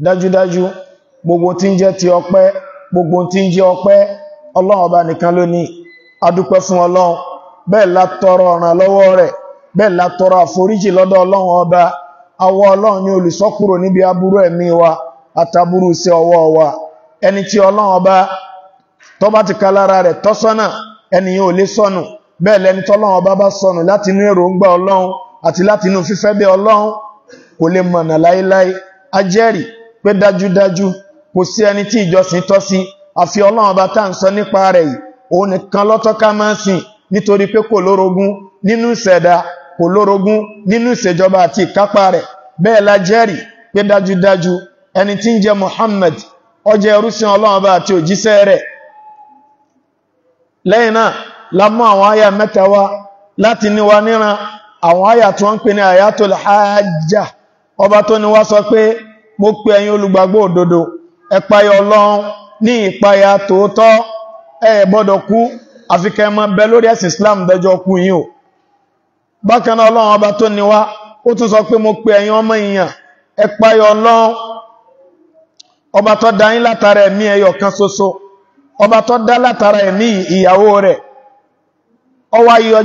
dájúdájú gbogbo tí ń jẹ́ ti ọpẹ́ gbogbo tí ń jẹ́ ọpẹ́ ọlọ́run ọba nìkan ló ní adúpẹ́ fún ọlọ́run bẹ́ẹ̀ la tọrọ ọ̀ràn lọ́wọ́ rẹ̀ bẹ́ẹ̀ la tọrọ àforíjì lọ́dọ̀ ọlọ́run ọba àwa ọlọ́run ní olùsọ́kúrò níbi aburú ẹ̀mí wa àtàbúrú sí ọwọ́ wa ẹni tí ọlọ́run ọba tó bá ti kalára rẹ̀ tọ́sọ́nà ẹniyàn ò lè sọnù bẹ́ẹ̀ lẹni tọ́lọ́run ọba bá sọnù láti inú èròǹgbà ọlọ́run àti láti inú fífẹ́ bẹ́ ọlọ́run kò pé dájúdájú kò sí ẹni tí ìjọsìn tọ́ sí àfi ọlọ́run ọba tá ń sọ nípa rẹ̀ yìí òun nìkan lọ́tọ́ ká máa ń sìn nítorí pé kò lórogún nínú ìṣẹ̀dá kò lórogún nínú ìṣèjọba àti ìkápá rẹ̀ bẹ́ẹ̀ la ẹni tí ń jẹ́ ẹrúsìn ọlọ́run àti òjíṣẹ́ rẹ̀ lẹ́yìn náà la mú àwọn àyà mẹ́ta wá láti níran àwọn àyà tí wọ́n ń ọba tó ní wá sọ pé mo pe ẹyin olùgbàgbọ́ òdodo ẹ páyà Ọlọ́run ní ìpáyà tòótọ́ ẹ gbọ́dọ̀ kú àfikẹ́ mọ́ bẹ lórí ẹ̀sìn Islam dẹjọ́ kú yín o bákan Ọlọ́run ọba tó ní ó tún sọ pé mo pe ọmọ èèyàn ẹ Ọlọ́run ọba tó yín látara ẹ̀mí ẹyọ kan ṣoṣo ọba tó látara ẹ̀mí ìyàwó rẹ̀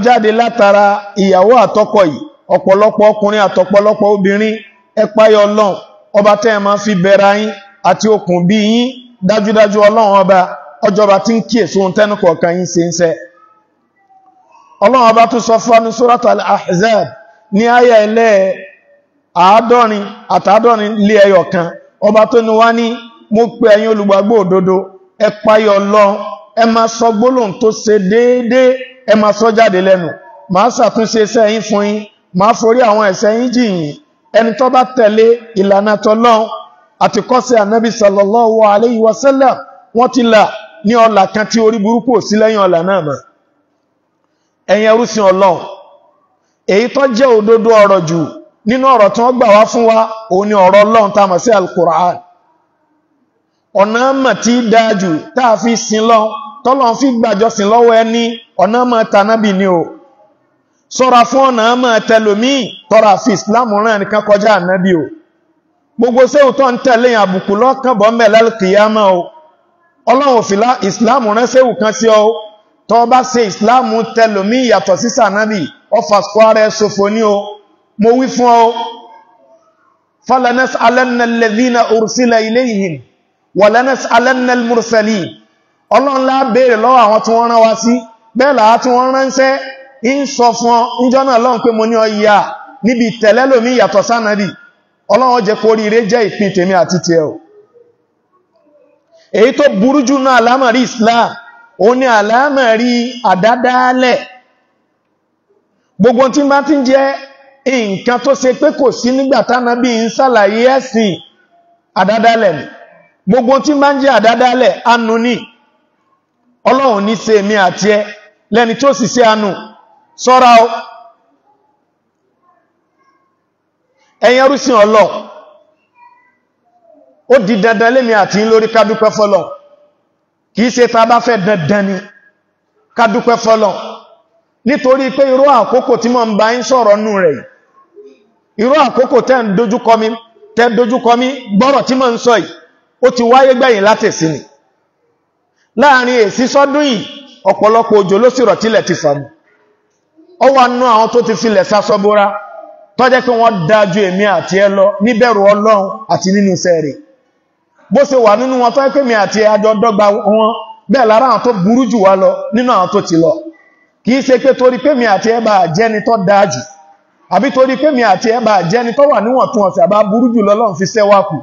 jáde látara ẹ Ọlọ́run ọba tẹ́ ẹ máa fi bẹ̀rẹ̀ yín àti okùn bí yín dájúdájú ọlọ́run ọba ọjọba tí ń kíyèsí ohun tẹ́nu kọ̀ọ̀kan yín ṣe ń ṣe ọlọ́run ọba tún sọ fún Surat Al-Ahzab ní àyà ilẹ̀ àádọ́rin àtàádọ́rin lé ẹyọ kan ọba tó ní wá ní mo pe ẹ̀yin olùgbàgbọ́ òdodo ẹ páyọ Ọlọ́run ẹ máa sọ gbólóhùn tó ṣe déédéé ẹ máa sọ jáde lẹ́nu màá ṣàtúnṣe iṣẹ́ yín fún yín màá forí àwọn ẹ̀ṣẹ̀ yín jì ẹni tó bá tẹ̀lé ìlànà tọ́lọ́un àti kọ́sẹ̀ ànábì sallallahu alayhi wa sallam wọ́n ti là ní ọlà kan tí orí burúkú ò sí lẹ́yìn ọlà náà mọ̀ ẹ̀yin ẹrúsìn ọlọ́run èyí tó jẹ́ òdodo ọ̀rọ̀ jù nínú ọ̀rọ̀ tí wọ́n gbà wá fún wa òun ni ọ̀rọ̀ ọlọ́run tá a mọ̀ sí al-Qur'an ọ̀nà mọ̀ tí dáa jù tá a fi sin lọ́n tọ́lọ́n fi gbàjọsìn lọ́wọ́ ẹni ọ̀nà mọ̀ tànábì ni o sọ́ra fún ọ̀nà ọmọ tẹlomi tọ́ra fi islam rán nìkan kọjá ànábì o gbogbo sẹ́hùn tó ń tẹ̀lé àbùkù lọ́kànbọ̀ mẹ́lẹ́ kìyàmá o ọlọ́run fìlá islam rán sẹ́hù kan sí ọ tọ́ bá ṣe islam tẹlomi yàtọ̀ sí sànábì ọfà sọ́ra ṣòfò ní o mo wí fún ọ falanas alanna lẹ́dínà ursila ń sọ fún ọ níjọ́ náà lọ́n pé mo ní ọya níbi tẹ̀lẹ́lòmí yàtọ̀ sánàrí ọlọ́run jẹ́ kó ríire jẹ́ ìpín tèmi àti o èyí tó burú jù náà àlámọ̀rí Islam ó ní àlámọ̀rí àdádálẹ̀ gbogbo tí bá ti jẹ́ nǹkan tó pé kò sí nígbà gbogbo tí bá ń jẹ́ àdádálẹ̀ anu ni ọlọ́run ní àti ẹ anu sọ́ra o ẹ̀yin ẹrúsìn ọlọ́ ó di dandan lémi àti lórí kádúpẹ́ fọ́lọ̀ kìí ṣe ta bá fẹ́ dandan ni kádúpẹ́ fọ́lọ̀ nítorí pé irú àkókò tí mo ń bá ń sọ̀rọ̀ nù rẹ̀ irú àkókò tẹ́ ń dojúkọ mi tẹ́ dojúkọ mi gbọ́rọ̀ tí mo ń sọ yìí ó ti wáyé gbẹ̀yìn látẹ̀sí ni láàrin èsí sọ́dún yìí ọ̀pọ̀lọpọ̀ òjò ló sì rọ̀ tílẹ̀ ti fàmù ó wà nú àwọn tó ti filẹ̀ sásọ́bóra tó jẹ́ pé wọ́n dájú èmi àti ẹ lọ níbẹ̀rù ọlọ́run àti nínú sẹ́ẹ̀rì bó ṣe wà nínú wọn tó jẹ́ pé mi àti ẹ àjọ dọ́gba wọn bẹ́ẹ̀ lára àwọn tó burú jù wá lọ nínú àwọn tó ti lọ kì í ṣe pé torí pé mi àti ẹ bá jẹ́ni tó dájú àbí torí pé mi àti ẹ bá jẹ́ni tó wà níwọ̀ntúnwọ̀nsì àbá burú jù lọ́lọ́run fi sẹ́wà kù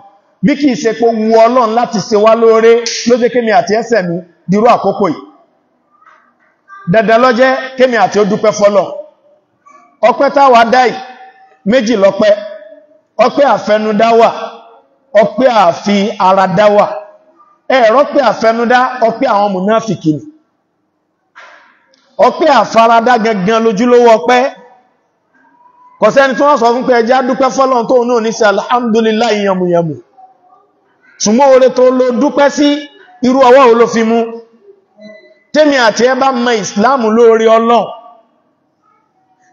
bí kì í ṣe pé wu ọlọ́run láti ṣe wá lóore ló pé mi àti ẹsẹ̀ mi dirú àkókò yìí dandan ló jẹ́ kémi àti ó dúpẹ́ fọ́lọ̀ ọpẹ́ táwa dáì méjì lọ́pẹ́ ọpẹ́ àfẹnudáwà ọpẹ́ àfi ara dáwà ẹ̀rọ pé àfẹnudá ọpẹ́ àwọn mùnáfìkì ni ọpẹ́ àfaradá gangan lójúlówó ọpẹ́ kọ̀sẹ́ni tí wọ́n sọ fún pé ẹjá dúpẹ́ fọ́lọ́n tó náà ní sí alhamdulillah yamuyamu ṣùgbọ́n oore tó lo dúpẹ́ sí irú ọwọ́ olófimú tẹ́mi àti ẹbá mọ̀ ìsìláàmù lórí ọlọ́n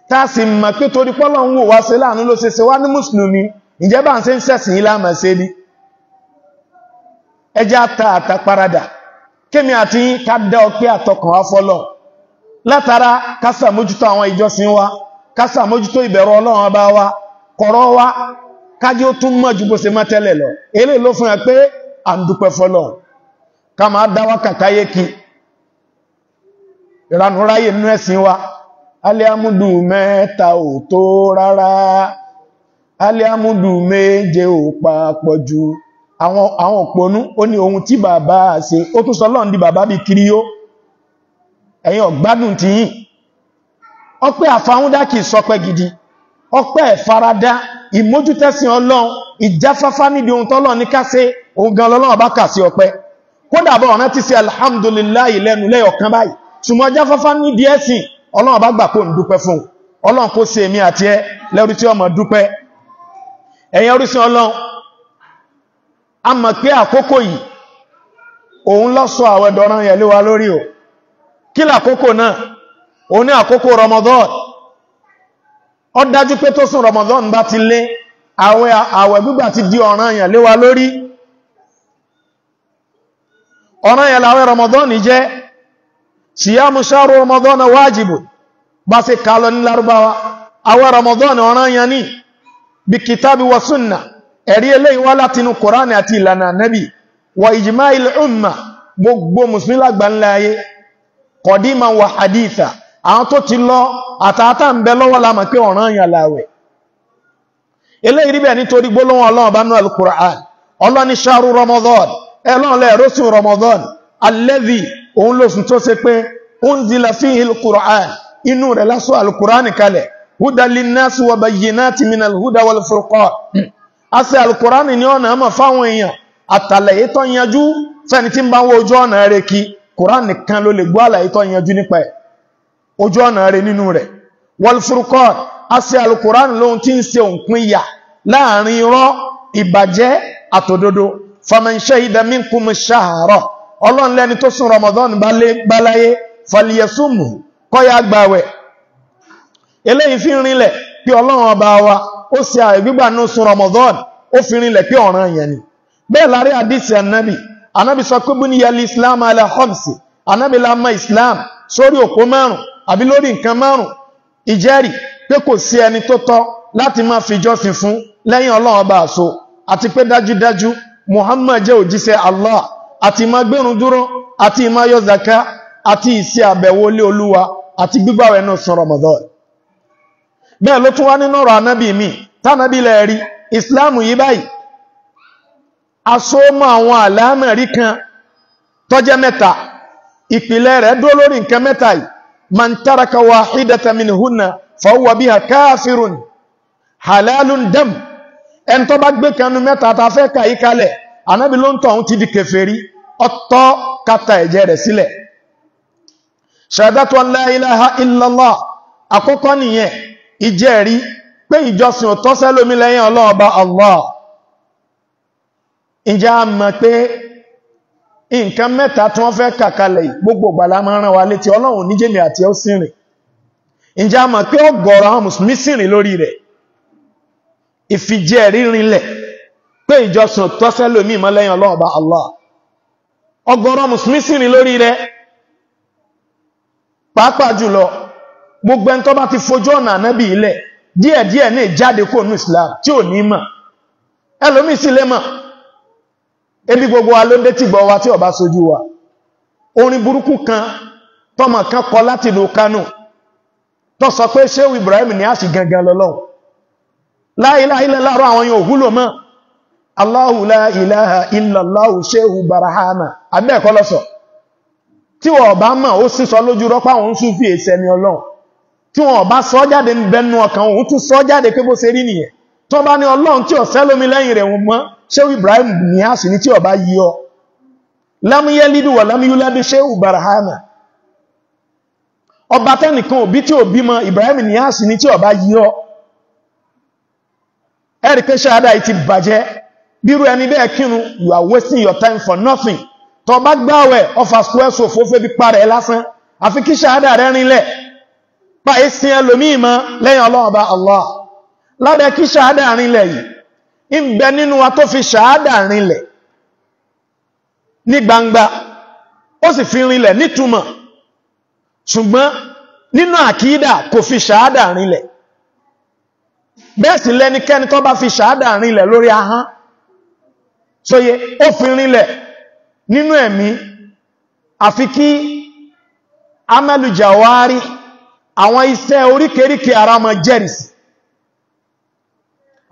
tá sì mọ̀ pé torí pọ́lọ̀ ń wò wá sí láàánú ló ṣe ṣe wá ní mùsùlùmí ìjẹba ń ṣe ń ẹjá ta parada kémi àti ká dá ọpẹ́ àtọkàn wá fọ́lọ̀ látara àwọn ìjọsìn wa kásàmójútó ìbẹ̀rù ọlọ́run ọba wa kọ̀rọ̀ wa kájí ó tún mọ̀ ju bó ṣe lọ fún ẹ pé à ń dúpẹ́ fọ́lọ̀ ká máa ìranù ráyè nínú ẹ̀sìn wa aliamudu mẹ́ta ò tó rárá aliamudu méje ò papọ̀ jù àwọn àwọn òpónú ó ní ohun tí bàbá ṣe ó tún sọlọ́n di bàbá bí kiri yó ẹ̀yin ọ̀gbádùn ti yìn ọpẹ́ àfáúndá kìí sọpẹ́ gidi ọpẹ́ ìfaradá ìmójútẹ́sìn ọlọ́run ìjáfáfá nídìí ohun tọ́lọ́ ní ká ṣe ohun gan lọ́lọ́run bá kà sí ọpẹ́ kódà ọ̀nà ti ṣe alhamdulillah lẹ́nu lẹ́yọ̀kan báyìí ṣùgbọ́n jáfáfá ní díẹ̀ sí ọlọ́run bá gbà kó ń dúpẹ́ fún ọlọ́run kó ṣe èmi àti ẹ lẹ́rú tí ọmọ dúpẹ́ ẹ̀yẹn orísun ọlọ́run a mọ̀ pé àkókò yìí òun ló sọ àwẹ̀ dọ̀ràn yẹ̀ léwa lórí o kí làkókò náà òun ní àkókò Ramadan ó dájú pé tó sùn Ramadan bá ti lé àwẹ̀ àwẹ̀ gbígbà ti di ọ̀ràn yẹ̀ léwa lórí ọ̀ràn yẹ̀ làwẹ̀ Ramadan jẹ́ siyamu ṣaru ramadana wajibu bá ṣe kálọ ní larubawa àwẹ̀ ramadana ọ̀ranyàn ni bí kitabi wa sunna ẹ̀rí eléyìí wá látinú kòránì àti ìlànà nabi wa ijma'il umma gbogbo musulmi lágbàláyé kọ̀díma wa haditha àwọn tó ti lọ àtàtà ń bẹ lọ́wọ́ lámà pé ọ̀ranyàn láwẹ̀ eléyìí rí bẹ̀ nítorí gbólóhùn ramadan ẹlọ́n òun ló sùn tó ṣe pé ó ń dila fi al-Qur'an inú rẹ̀ lásọ al-Qur'an kalẹ̀ húdà linnasi wa bayyinati minal húdà wal furqan a ṣe al-Qur'an ní ọ̀nà àmọ́ fáwọn èèyàn àtàlàyé tó yanjú fẹ́ni tí ń bá ń ojú ọ̀nà rẹ̀ kí Qur'an nìkan ló lè gbọ́ àlàyé tó yanjú nípa ojú ọ̀nà rẹ̀ nínú rẹ̀ wal furqan a ṣe lóhun tí ń ṣe òǹpin yà láàrin irọ́ ìbàjẹ́ àtòdodo faman shahida minkum ash-shahra ọlọ́run lẹ́ni tó sún Ramadan gbáláyé faliyasúmù kọ́yà gbàwẹ̀ eléyìí fi rinlẹ̀ pé ọlọ́run ọba wa ó sì ààrẹ gbígbà ní sún Ramadan ó fi rinlẹ̀ pé ọ̀ràn yẹn ni bẹ́ẹ̀ lárí àdísì ànábì ànábì sọ pé búni yẹli islam ala hamsi ànábì lámà islam sórí òpó márùn àbí lórí nǹkan márùn ìjẹ́rìí pé kò sí ẹni tó tọ́ láti máa fìjọ́sìn fún lẹ́yìn ọlọ́run ọba àso àti pé dájúdájú Muhammad jẹ́ òjíṣẹ́ Allah àti ìmọ̀ gbẹ̀rún dúró àti ìmọ̀ yọ zaka àti ìṣe àbẹ̀wò ilé olúwa àti gbígbàwẹ̀ náà sọ Ramadan bẹ́ẹ̀ ló tún wá nínú ọ̀rọ̀ anábì mi tánàbí lẹ̀ rí ìsìláàmù yí báyìí asómọ́ àwọn àlámẹ̀rí kan tọ́jẹ́ mẹ́ta ìpìlẹ̀ rẹ̀ dúró lórí nǹkan mẹ́ta yìí man taraka wahidatan min hunna fa huwa biha kafirun halalun dam ẹni tó bá gbé kanú mẹ́ta ta fẹ́ kàyí kalẹ̀ anábi ló ń tọ̀ ń ti di kèfèrí ọ̀tọ̀ kata ẹ̀jẹ̀ rẹ̀ sílẹ̀ ṣàdátù la ilaha illallah àkọ́kọ́ nìyẹn ìjẹ́rí pé ìjọsìn ò tọ́ sẹ́lómi lẹ́yìn ọlọ́ọ̀bá Allah ìjá mọ̀ pé nǹkan mẹ́ta tí wọ́n fẹ́ kàkalẹ̀ gbogbo gbàlá máa rán àwọn mùsùlùmí sìnrìn lórí rẹ̀ ìfìjẹ́ rírinlẹ̀ pé ìjọsìn tọ́sẹ́ lómi mọ́ lẹ́yìn ọlọ́ọ̀bá Allah ọ̀gọ̀rọ̀ mùsùlùmí sì rìn lórí rẹ̀ pàápàá jùlọ gbogbo ẹni tó bá ti fojú ọ̀nà ànábì ilẹ̀ díẹ̀díẹ̀ ní ìjáde kò ní Islam tí ò ní mọ̀ ẹlòmí sì lè mọ̀ ebi gbogbo wa ló ń dé tí gbọ́ wa tí ọba sojú wa orin burúkú kan tọmọ kan kọ láti ìlú Kánò tó sọ pé Shehu Ibrahim ní àṣì gangan lọ́lọ́run láìláìlẹ́ láàárọ̀ àwọn yóò wúlò mọ́ Allahu la ilaha illallahu ṣéhù barahama abẹ́ẹ̀kọ́ lọ́sọ̀ tí wọ́n bá mọ̀ ó sísọ lójú rọ́pá òun sún fi èsẹ̀ ni ọlọ́run tí wọ́n bá sọ jáde ń bẹnu ọkàn òun tún sọ jáde pé bó ṣe rí nìyẹn tó bá ní ọlọ́run tí ọ̀sẹ́ lómi lẹ́yìn rẹ̀ wọ́n mọ́ ṣéhù Ibrahim ní àṣì ní tí ọba yí ọ lámúyẹ́ lídù wà lámúyúlẹ́bí ṣéhù barahama ọba tẹ́nìkan òbí tí òbí mọ Ibrahim ní àṣì ní tí ọba yí ọ ẹ̀rì pé ti bàjẹ́ bírú ẹni bẹ́ẹ̀ kírun you are wasting your time for nothing tó bá gbáwẹ̀ ọfà square so fó fébí parẹ̀ lásán àfi kí ṣàádà rẹ̀ rinlẹ̀ pa ìsìn ẹlòmíì mọ́ lẹ́yìn ọlọ́run Allah lábẹ́ kí ṣàádà rinlẹ̀ yìí ń bẹ nínú wa tó fi ṣàádà rinlẹ̀ ní gbangba ó sì fi rinlẹ̀ nítumọ̀ ṣùgbọ́n nínú àkídà kò fi ṣàádà rinlẹ̀ bẹ́ẹ̀ sì lẹ́nikẹ́ni tó bá fi ṣàádà rinlẹ̀ lórí ahán sóye ó fi rinlẹ̀ nínú ẹ̀mí àfi kí amẹ́lùjàwárí àwọn iṣẹ́ oríkèríkè ara ma jẹ́rìs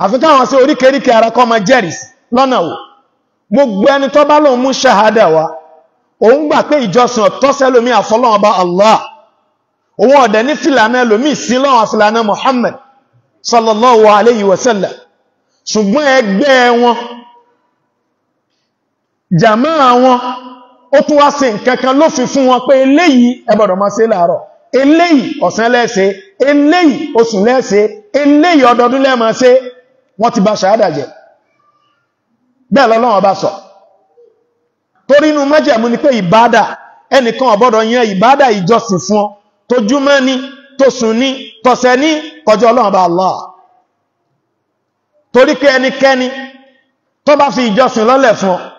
àfi káwọn sí oríkèríkè ara ma jẹ́rìs lọ́nà gbogbo ẹni tó bá wa mú ṣahada wa òun gbà pé ìjọsìn ọ̀tọ́sẹ́lómi àfọlọ́wọ́ sallallahu ṣùgbọ́n ẹgbẹ́ wọn jàmá àwọn ó tún wá ṣe nǹkankan ló fi fún wọn pé eléyìí ẹ gbọ́dọ̀ máa ṣe láàárọ̀ eléyìí ọ̀sán lẹ́ẹ̀ṣe eléyìí oṣù lẹ́ẹ̀ṣe eléyìí ọdọọdún lẹ́ẹ̀mọ́ ṣe wọ́n ti bà ṣàádà jẹ́ bẹ́ẹ̀ lọ́lọ́wọ́ bá sọ torí inú májẹ̀mú ni pé ìbádà ẹnìkan ọ̀bọ́dọ̀ yan ìbádà ìjọsìn fún ọ tó ni tó ni tọ̀sẹ̀ ni kọjọ Ọlọ́run bá Allah torí pé ẹnikẹ́ni tó bá fi ìjọsìn lọ́lẹ̀ fún ọ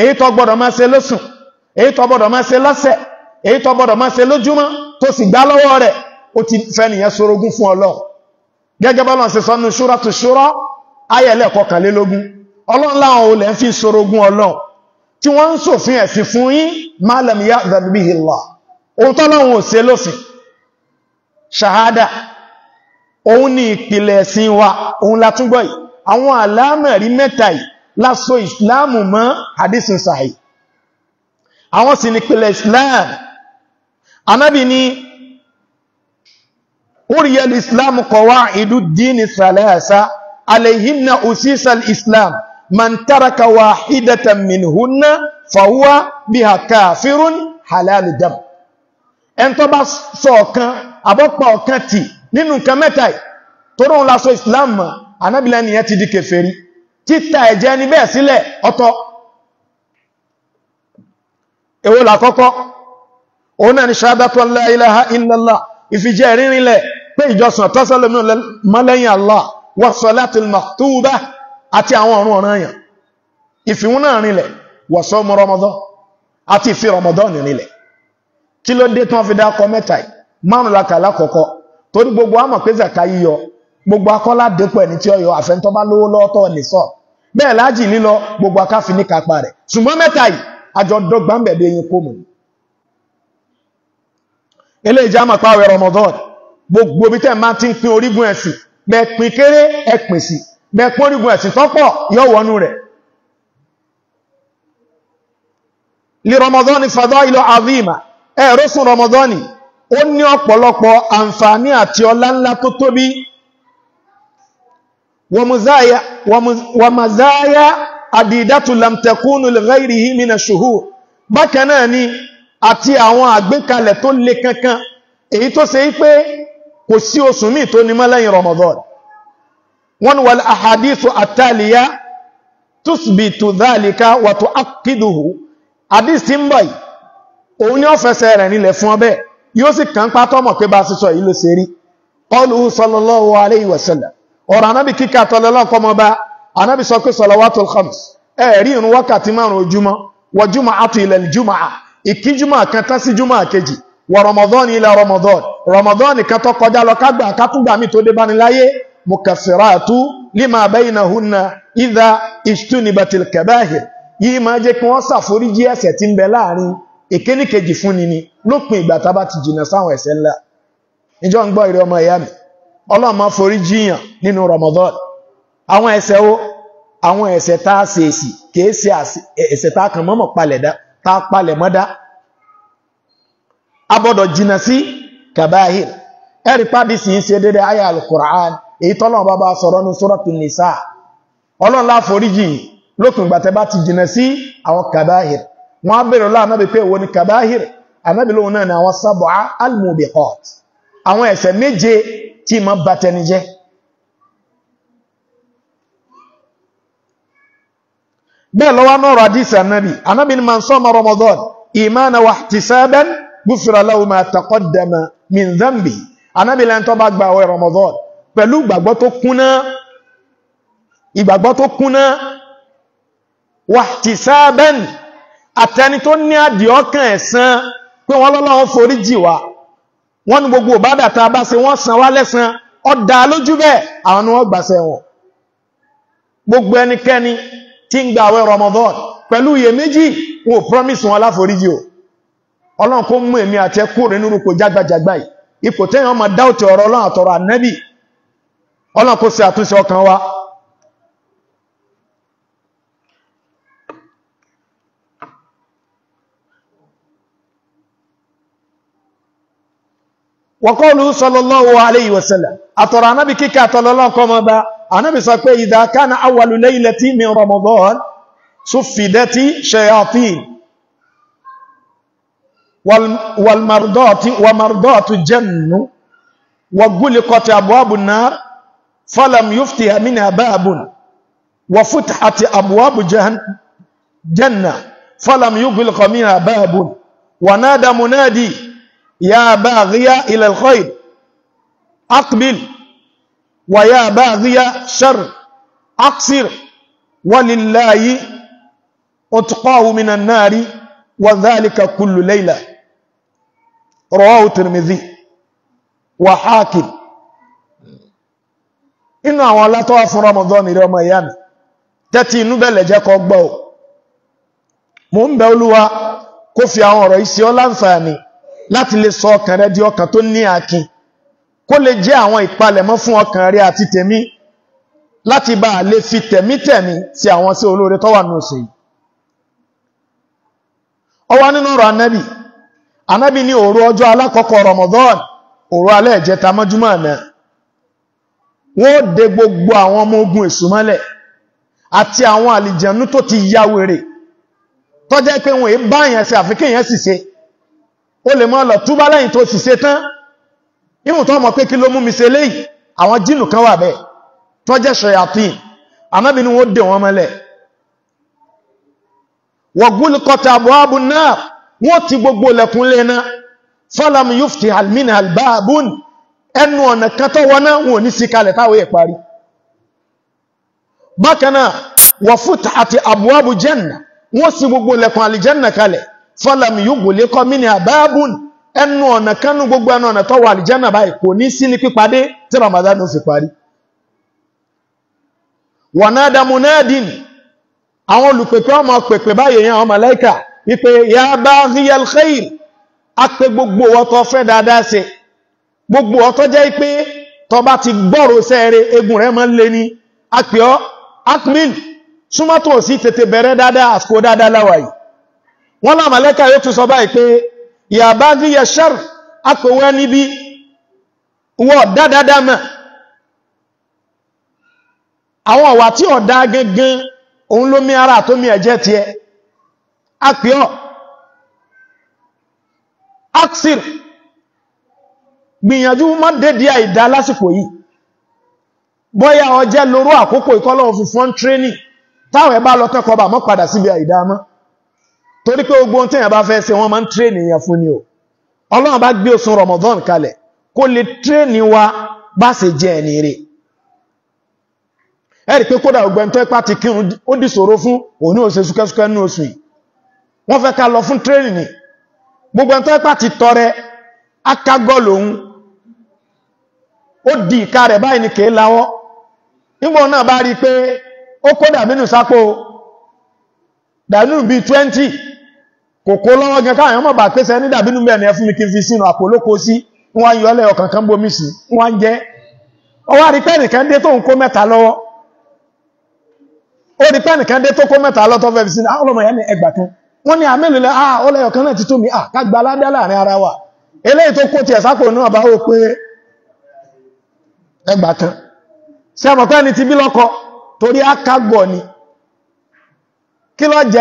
èyí tó gbọ́dọ̀ máa ṣe lóṣùn èyí tó gbọ́dọ̀ máa ṣe lọ́sẹ̀ èyí tó gbọ́dọ̀ máa ṣe lójúmọ́ tó sì gbá lọ́wọ́ rẹ̀ ó ti fẹ́ nìyẹn sorogún fún Ọlọ́run gẹ́gẹ́ bọ́lọ̀ ṣe sọ́nu ṣúra tó ṣúra ayẹ̀lẹ̀ kọkànlélógún Ọlọ́run láwọn olè ń fi sorogún Ọlọ́run tí wọ́n ń ẹ̀sìn fún yín malam ya'dhan òun ò ṣe lófin ṣahada òun ni wa òun la lásọ ìsìláàmù mọ́ hadisin sahi àwọn sì ní pẹ̀lẹ̀ islam anábì ni oriyal islam qawaidu dini salasa alayhinna usisal islam man taraka wahidatan minhunna fahuwa biha kafirun halal dam ẹn tó bá sọ ọ̀kan àbọ́pọ̀ ọ̀kan tì nínú nǹkan mẹ́ta torí òun lásọ islam mọ́ anábìlẹ́ ti di kèfèrí títa ẹ̀jẹ̀ ní bẹ́ẹ̀ sílẹ̀ ọ̀tọ̀ èwo làkọ́kọ́ òun náà ni ṣahadatu la ilaha illallah ìfijẹ́ rírinlẹ̀ pé ìjọsìn tọ́sọ́lọ́mí mọ́lẹ́yìn Allah wa salatul maktubah àti àwọn ọ̀run ọ̀ranyàn ìfìhún náà rinlẹ̀ wa sawmu Ramadan gbogbo akọ́lá dínkù ẹni tí ọyọ àfẹ́ntọ́ lówó lọ́tọ̀ lè sọ bẹ́ẹ̀ lílọ gbogbo akáfi ní kápá rẹ̀ ṣùgbọ́n mẹ́ta yìí àjọ dọ́gba ń bẹ̀bẹ̀ yín kó mú ilé ìjà mọ̀ páwẹ̀ Ramadan gbogbo bí tẹ́ máa ti ń pín orígun ẹ̀sìn yọ wọnú rẹ̀ Ramadan Ramadan ó ní ọ̀pọ̀lọpọ̀ àǹfààní àti ọlá ńlá tó ومزايا ومزايا عديدة لم تكون لغيره من الشهور بكناني náà ni àti àwọn àgbékalẹ̀ tó le kankan èyí tó ṣe pé kò sí oṣù míì tó ní mọ́ lẹ́yìn Ramadan wọ́n wal ahadithu àtàlìyà tusbitu dhalika wa tu'akkiduhu hadith tí ń bọ̀ yìí òun ni ó fẹsẹ̀ rẹ̀ nílẹ̀ fún ọbẹ̀ yóò sì kàn pátọ́mọ̀ pé bá sísọ yìí ló ṣe rí sallallahu alayhi wa sallam ọ̀rọ̀ anábì kíkà tọ́lọ́lọ́kọmọba anábì sọ pé salawatul khams ẹ̀rí ìrun wákàtí márùn ojúmọ́ wọ jùmọ̀ àti ilẹ̀ jùmọ̀ ìkíjúmọ̀ kan tán sí jùmọ̀ kejì wọ ramadan ilẹ̀ ramadan ramadan kan tó kọjá lọ kágbà kátúgbà mi tó dé bá ní láyé mukassiratu lima bainahunna idha ishtunibatil kabahir yìí máa jẹ́ kí wọ́n ṣàforíjì ẹ̀ṣẹ̀ tí ń bẹ láàrin ìkíní kejì fún ni ni lópin ìgbà tá bá ti jìnà sáwọn ẹ̀ṣẹ̀ ńlá ìjọ ń gbọ́ ìrẹ́ ọmọ ìyá mi ọlọ́run máa forí jíyàn nínú Ramadan àwọn ẹ̀ṣẹ̀ ó àwọn ẹ̀ṣẹ̀ tá a ṣe èsì kìí ṣe tá a kàn mọ́mọ̀ palẹ̀ mọ́dá abọ́dọ̀ jìnà sí kabahir ẹ̀rí pàdé sì ń ṣe dédé ayé al èyí tọ́lọ́run bá bá sọ̀rọ̀ ní Suratul Nisa ọlọ́run la foríjì lókùn bá ti jìnà sí àwọn ni kabahir náà ni àwọn àwọn tí ma bá tẹni jẹ́ bẹ́ẹ̀ lọ́wọ́ náà rọ̀ àdísì ànábì ànábì ni ma ń sọ́mọ Ramadan ìmána wa ihtisaban gúfìrà lahu ma taqaddama min dhanbi ànábì lẹ́ni tó bá gba àwẹ̀ Ramadan pẹ̀lú ìgbàgbọ́ tó kúnná ìgbàgbọ́ tó kúnná wa ihtisaban àtẹni tó ní àdìọ́kàn ẹ̀san pé wọ́n lọ́lọ́wọ́ forí jì wọ́n ní gbogbo ìbádà tá bá ṣe wọ́n san wá lẹ́san ọ̀dà lójú bẹ́ẹ̀ àwọn ni wọ́n gbàṣẹ wọn gbogbo ẹnikẹ́ni tí ń gba àwẹ̀ Ramadan pẹ̀lú iye méjì wọn ò promise wọn láforíjì o ọlọ́run kó mú èmi àti ẹkú rẹ̀ nínú kò jágbàjàgbà yìí ipò tẹ́yàn ọmọ dáòtì ọ̀rọ̀ ọlọ́run àtọ̀rọ̀ ànẹ́bì ọlọ́run kó ṣe àtúnṣe ọkàn wa wọ́kọ́lù sọlọ́lọ́wọ́ aléyìí wọ̀sẹ̀lẹ̀ àtọ̀rọ̀ anábì kíkà àtọ̀lọ́lọ́kọmọba anábì sọ pé ìdá kánà awàlù lẹ́yìnlẹ̀ tí mi rọmọdán sùfìdẹ́ tí ṣẹ̀yàtì wàmàrdọ́tù jẹ́nu wàgúlikọtì àbúwábùnà fọ́làm yúftì àmìnà àbáàbùn wàfútà àti àbúwábù jẹ́nà fọ́làm yúgbìlikọmìnà àbáàbùn wà náà dàmúnádìí يا باغي إلى الخير أقبل ويا باغي شر أقصر ولله أتقاه من النار وذلك كل ليلة رواه الترمذي وحاكم إن ولا طواف رمضان يوم أيام تتي نبل جاكو gbọ́ mo ń bẹ Olúwa kó fi àwọn ọ̀rọ̀ yìí sí ọ láǹfààní láti lè sọ ọkàn rẹ di ọkàn tó ní akin kó lè jẹ́ àwọn ìpalẹ̀mọ́ fún ọkàn rẹ àti tèmi láti bá lè fi tẹ̀mí tẹ̀mí sí àwọn sí olóore tó wà ní oṣù yìí ọwá nínú ọ̀rọ̀ anábì anábì ní òru ọjọ́ alákọ̀ọ́kọ́ Ramadan òru alẹ́ ìjẹta mọ́júmọ́ àná wọ́n dè gbogbo àwọn ọmọ ogun èṣù mọ́lẹ̀ àti àwọn àlìjẹ̀nú tó ti yá wèrè tó jẹ́ pé wọ́n èé báyẹn sí àfikẹ́yẹn sì ṣe, àfikẹ́ ó lè mọ́ lọ túbá lẹ́yìn tó sì ṣe tán ìwọ̀n tó mọ̀ pé kí ló mú mi ṣe léyìí àwọn jínù kan wà bẹ́ẹ̀ tó jẹ́ ṣẹ̀yàtín Ànábì ní wọ́n dè wọ́n mọ́lẹ̀ wọ̀gúlù kọta àbúhábù náà wọ́n ti gbogbo lẹ̀kùn lẹ́nà falam yufti almina albabun ẹnu ọ̀nà kan tó wọ́n náà wọ́n ní sí kalẹ̀ táwọn yẹ parí bákanáà wọ̀fútà àti àbúhábù jẹ́nà wọ́n sì gbogbo lẹ̀kùn alìjẹ́nà kalẹ̀ fọ́lẹ̀mù yóò gòlé kọ́ mí ní àbábùn ẹnu ọ̀nà kánú gbogbo ẹnu ọ̀nà tó wà àlìjánà báyìí kò ní sí ní pípadé tí Ramadan ó fi parí wọ̀nádà munadin àwọn olùpèpè ọmọ pèpè báyìí yẹn àwọn màláíkà wípé ya baghiyal khair a pé gbogbo ọtọ fẹ́ dáadáa ṣe gbogbo ọtọ jẹ́ pé tó ti gbọ́rò sẹ́ẹ̀rẹ̀ egun rẹ̀ máa ń lé ní apẹ́ akmin súnmọ́tò sí tètè bẹ̀rẹ̀ dáadáa àsìkò dáadáa láwàyìí wọ́n lá màlẹ́kà yóò tún sọ báyìí pé yàbá ní yẹ̀ṣẹ́r akọ̀wẹ́ níbi wọ́ dáadáa mẹ́ àwọn ọ̀wà tí ọ̀dá gangan òun ló mí ara àtómi ẹ̀jẹ̀ ti ẹ apíọ̀ axir gbìyànjú mọ́ dédé àìdá lásìkò yìí bóyá ọjẹ́ lóró àkókò ìkọlọ̀ training táwọn ẹ̀bá lọ tẹ́kọ̀ọ́ bà mọ́ padà torí pé ogbó tí èyàn bá fẹ́ ṣe wọ́n máa ń tréni èyàn fún ni o ọlọ́run bá gbé oṣù Ramadan kalẹ̀ kó lè wa bá ṣe jẹ́ ẹni rẹ̀ ẹ̀rì pé kódà ògbẹ́ tó ipá ti kírun ó dìṣòro fún òní òṣè súkẹ́súkẹ́ nínú oṣù yìí wọ́n fẹ́ ká lọ fún gbogbo di ìka rẹ̀ báyìí ni kèé lawọ́ nígbà náà bá rí pé ó kódà mínú sápò kòkó lọ́wọ́ gan káàyàn mọ̀ bà pèsè ní dàbínú mẹ́rin fún mi kí n fi sínú àpò olóko sí wọ́n yọ ọlẹ́ ọkàn kan bomi sí wọ́n ń jẹ́ ó wá rí dé tó ń kó mẹ́ta lọ́wọ́ ó rí dé tó kó mẹ́ta lọ́tọ́ ah, ah náà ti tó mi ah kágbá aládá láàrin ara wa eléyìí tó kó tiẹ̀ sápò náà bá pé ẹgbà kan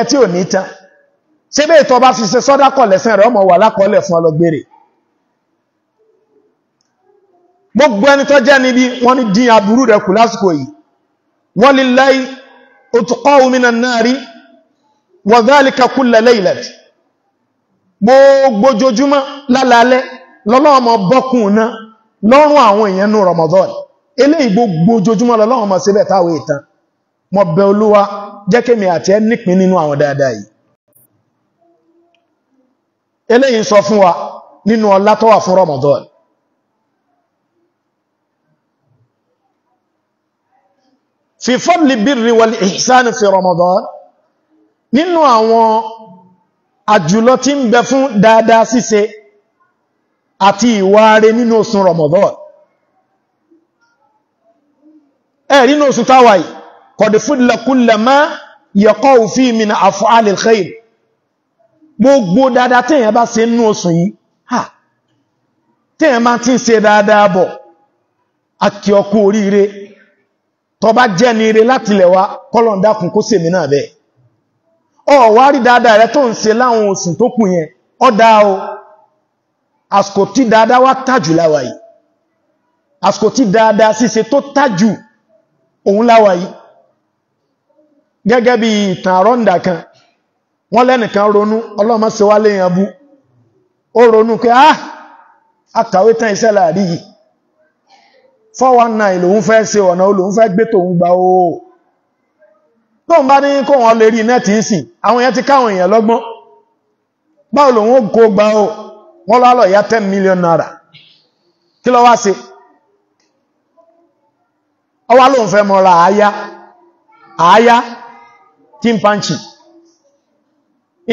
ti ṣé bẹ́ẹ̀ tó bá fi ṣe sọ́dákọ̀ lẹ́sẹ̀ rẹ̀ ọmọ wà lákọọ́lẹ̀ fún ọlọ́gbèrè gbogbo ẹni tó jẹ́ níbi wọ́n ní dín aburú rẹ̀ kù lásìkò yìí wọ́n lè láì òtùkọ́ omínà náà rí wọ̀dálíkà kúlẹ̀ lẹ́ìlẹ̀ gbogbo jojúmọ́ lálálẹ́ lọ́lọ́ọ̀mọ́ bọ́kùn eléyìn sọ fún wa nínú ọlá tó wà fún Ramadan fi fadli birri wal ihsan fi Ramadan nínú àwọn àjùlọ tí ń bẹ fún dáadáa ṣíṣe àti ìwáre nínú oṣù Ramadan ẹ̀rí nínú oṣù táwàí qad fudla kulla ma yaqa'u fi min af'alil khair gbogbo dada tí èyàn bá ṣe nínú oṣù yìí ha tí èyàn máa ti ń ṣe dáadáa bọ̀ àkì ọkú oríire tó bá jẹ́ ní ire láti lẹ̀ wá kọ́lọ̀ dákun kó sèmi náà bẹ́ẹ̀ ọ wá rí dáadáa rẹ tó ń ṣe láwọn oṣù tó kù yẹn ọ o àsìkò tí dáadáa wá tàjù láwa yìí àsìkò tí dáadáa ṣíṣe tó tàjù òun láwa yìí gẹ́gẹ́ bí ìtàn àrọ́ǹdà kan wọ́n lẹ́nìkan ronú ọlọ́mọ sí wá léyìn abú ó ronú pé á ah, àkàwé tán iṣẹ́ láàrí yìí 419 lòun fẹ́ ṣe ọ̀nà olóhun fẹ́ gbé tòun gba oó tóun bá ní kó wọn lè rí nẹ́ẹ̀tì ń sìn àwọn èèyàn ti káwọn èèyàn lọ́gbọ́n báwo ó kó gba oó wọ́n ya 10 million naira kí wá ọwá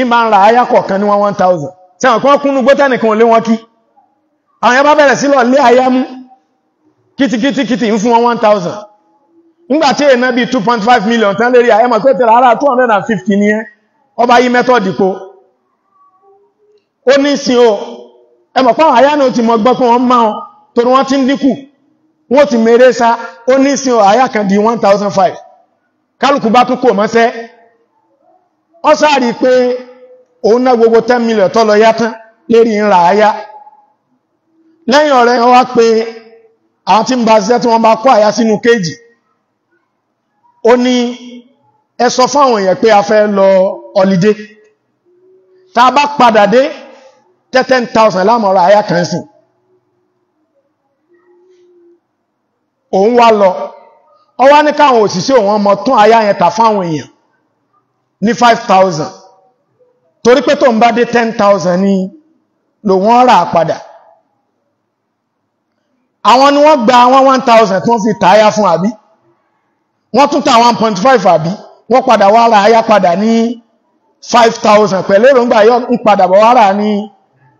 ìmá ń ra aya ní 1000 tí àwọn kan kúnnú gbọ́tẹ́nìkan olé wọn kí àwọn yẹn bá bẹ̀rẹ̀ sí lé aya mú kìtìkìtìkìtì ń fún wọn 1000 nígbàtí èèyàn bí 2.5 million tán lérí àyẹ́mà pé ara 250 ní ẹ́ ọba yí mẹ́tọ́dì po ó ní sin o náà ti mọ̀ òun náà gbogbo 10 million tọ́lọ yá tán lérí ìrà àyá lẹ́yìn ọ̀rẹ́ wọ́n wá pé àwọn tí ń bá ṣẹ́ tí wọ́n bá kó àyá sínú kéjì ó ní ẹ sọ fáwọn èèyàn pé a fẹ́ lọ ọlidé tá a bá padà dé 10,000 lámọ̀ra àyá kan sí òun wá lọ ọ ní káwọn òṣìṣẹ́ òun ọmọ tún àyá yẹn tà fáwọn èèyàn ní 5,000 torí pé tó ń bá dé 10,000 ni lò wọ́n rà padà àwọn ni wọ́n gba àwọn 1,000 tó ń fi tààyà fún àbí wọ́n tún ta 1.5 àbí wọ́n padà wá ra aya padà ní 5,000 pẹ̀lú èròǹgbà yọ ń padà bọ̀ wá rà ní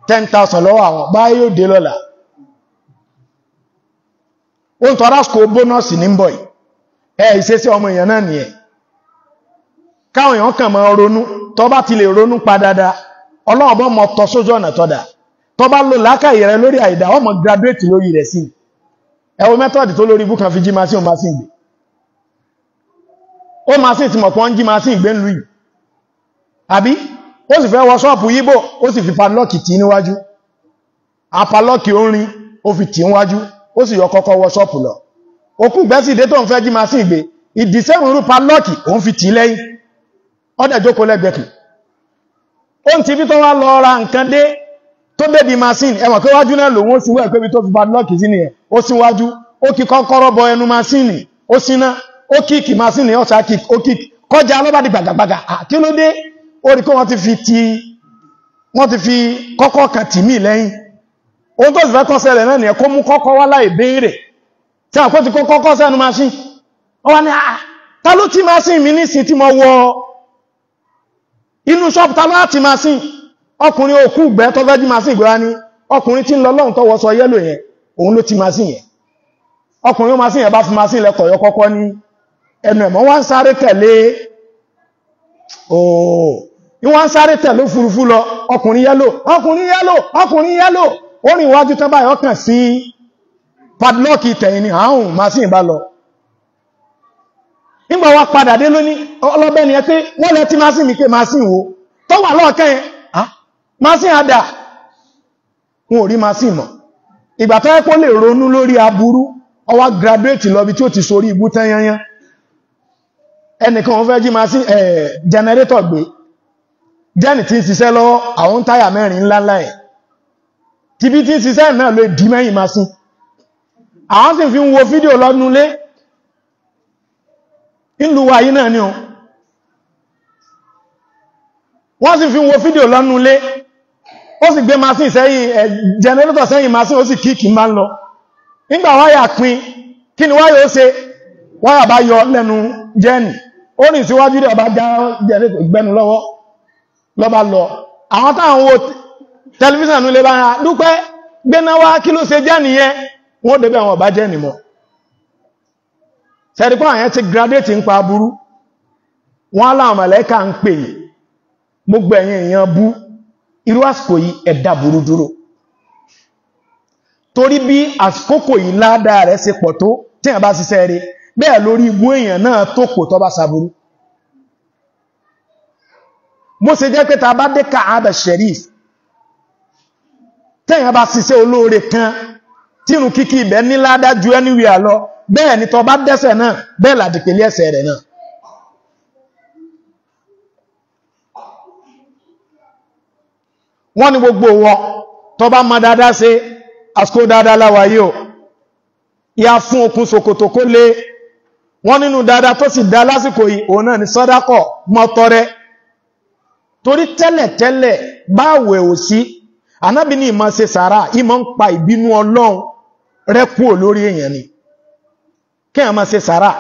10,000 lọ́wọ́ àwọn báyìí yóò dé lọ́la ó ń tọ́ra sùkò bónọ́ọ̀sì ní bọ̀ ẹ̀ ìṣesí ọmọ èèyàn náà nìyẹn káwọn èèyàn kàn máa ronú tó bá ti lè ronú pa dáadáa ọlọ́run bọ́ mọ tọ́ sójú ọ̀nà tọ́da tó lo làákàyè rẹ lórí àìdá ọmọ graduate lórí rẹ̀ sí ẹ wo mẹ́tọ́ọ̀dì tó lórí ibú kan fi jí máa sí òun máa sí ìgbé ó máa sí ìtìmọ̀ pọ́n jí máa sí ìgbé ńlú yìí àbí ó sì fẹ́ wọ ṣọ́ọ̀pù yíbò ó sì fi palọ́ọ̀kì tì níwájú apalọ́ọ̀kì orin ó fi tì níwájú ó sì yọ kọ́kọ́ wọ ṣọ́ọ̀pù lọ òkú gbẹ́sìdé tó ń fẹ́ jí máa sí ìgbé ìdìsẹ́rùn rú palọ́ọ̀kì òun fi tì lẹ́yìn ọdẹ jókòó lẹ́gbẹ̀ẹ́kì ó ń ti fi tó wá lọ ra nǹkan dé tó débi machine ẹwọ̀n pé wájú náà lòun ó sì wẹ́ pé bí tó fi sí ni ẹ̀ ó wájú ó kí kọ́kọ́rọ́ bọ ẹnu ó síná ó kíkì ó kíkì kọjá gbàgbàgbàgà fi ti wọ́n fi kọ́kọ́ kan tì mí lẹ́yìn ohun tó sì fẹ́ náà nìyẹn kó mú kọ́kọ́ wá láì béèrè tí inu ṣọ́pù ta láti máa sín ọkùnrin òkú gbẹ́ tó fẹ́ jí máa sín ìgbéra ní ọkùnrin tí ń lọ lọ́hùn sọ yẹ́lò yẹn òun ló ti máa sín yẹn ọkùnrin ó máa yẹn bá fi máa sín ní ẹnu ẹ̀mọ́ ń sáré tẹ̀lé ooo wọ́n lọ ọkùnrin yẹ́lò ọkùnrin yẹ́lò ọkùnrin yẹ́lò iwájú tán báyọ̀ kàn sí tẹ̀yìn lọ nígbà wá padà dé lóní ọlọ́bẹ̀ ni ẹ pé wọ́n lẹ tí máa sí mìíké máa sí ìwò tó wà lọ́ọ̀kẹ́ máa sí àdà wọn ò rí máa sí ìmọ̀ ìgbà tó ẹ́pọ́ lè ronú lórí aburú ọwá graduate lọ bí tí ó ti sorí ibú tẹ́yányán ẹnìkan wọ́n fẹ́ jí máa sí generator gbé jẹ́nì tí ń ṣiṣẹ́ lọ́wọ́ àwọn táyà mẹ́rin ńláńlá ẹ̀ tibí tí ń ṣiṣẹ́ náà lè dí mẹ́yìn máa sí àwọn sì fi ń wo fídíò lọ́nulé ìlú wa yí náà ni o wọ́n sì fi wo fídíò lọ́nu lé ó sì gbé masin sẹ́yìn ẹ̀ eh, jẹnẹrétọ̀ sẹ́yìn masin ó sì kíkì má ń lọ nígbà wáyà pin kí ni wáyà ó ṣe wáyà bá yọ lẹ́nu jẹ́nì ó rìn síwájú rẹ̀ bá já jẹnẹrétọ̀ gbẹnu lọ́wọ́ lọ́ba lọ àwọn táwọn wo tẹlifíṣàn nílé bá dúpẹ́ gbénáwá kí ló ṣe jẹ́nì yẹn wọ́n débẹ̀ àwọn ọ̀bá jẹ́nì mọ́ tẹ́rípá àyẹn ti gradate ń pa burú wọ́n aláwọn mọ̀lẹ́kà ń pè yìí mo gbẹ̀yìn èèyàn bú irú àsìkò yìí ẹ̀dà burú dúró torí bí àsìkò yìí ládàá rẹ̀ ṣe pọ̀ tó tí a bá ṣiṣẹ́ rẹ̀ bẹ́ẹ̀ lórí ibú èèyàn náà tó pò tọ́ bá sàbúrú bó ṣe jẹ́ pé ta bá dé káàbà sherif tẹ́yàn bá ṣiṣẹ́ olóore kan tínú kíkí ibẹ̀ ní ládàá ju anywhere lọ bẹ́ẹ̀ ni tọ bá dẹ́sẹ̀ náà bẹ́ẹ̀ làdìpẹ̀lẹ̀ ẹsẹ̀ rẹ̀ náà wọ́n ni gbogbo wọ tọ bá ma dáadáa ṣe àsìkò dáadáa láwà yíò ya fún okùn ṣòkòtò kó lé wọ́n nínú dáadáa tó sì dá lásìkò yìí òun náà ni sọ́dákọ̀ mọ́tọrẹ torí tẹ́lẹ̀ báwẹ̀ ò sí anábì ní ìmọ̀ ṣe sàárà ìmọ̀ ń pa ìbínú ọlọ́run rẹ́kúò lórí èèyàn ni kí èèyàn máa ṣe sàrà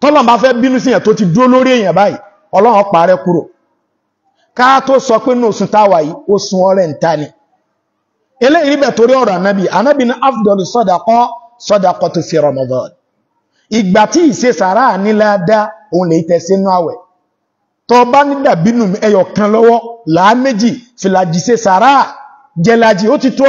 tọ́lọ́n bá fẹ́ bínú sí èèyàn tó ti dúró lórí èèyàn báyìí ọlọ́run parẹ́ kúrò ká tó sọ pé ní oṣù táwà yìí oṣù ọrẹ ń ta ni eléyìí rí bẹ̀ torí ọ̀rọ̀ ànábì ànábì ní afdol sọ́dàkọ́ sọ́dàkọ́ tó fi Ramadan ìgbà tí ìṣe sàrà níláadá òun lè tẹ̀ sínú àwẹ̀ tó bá ní dàbínú ẹyọ kan lọ́wọ́ làá méjì fìlàjì ṣe sàrà jẹlàjì ó ti tó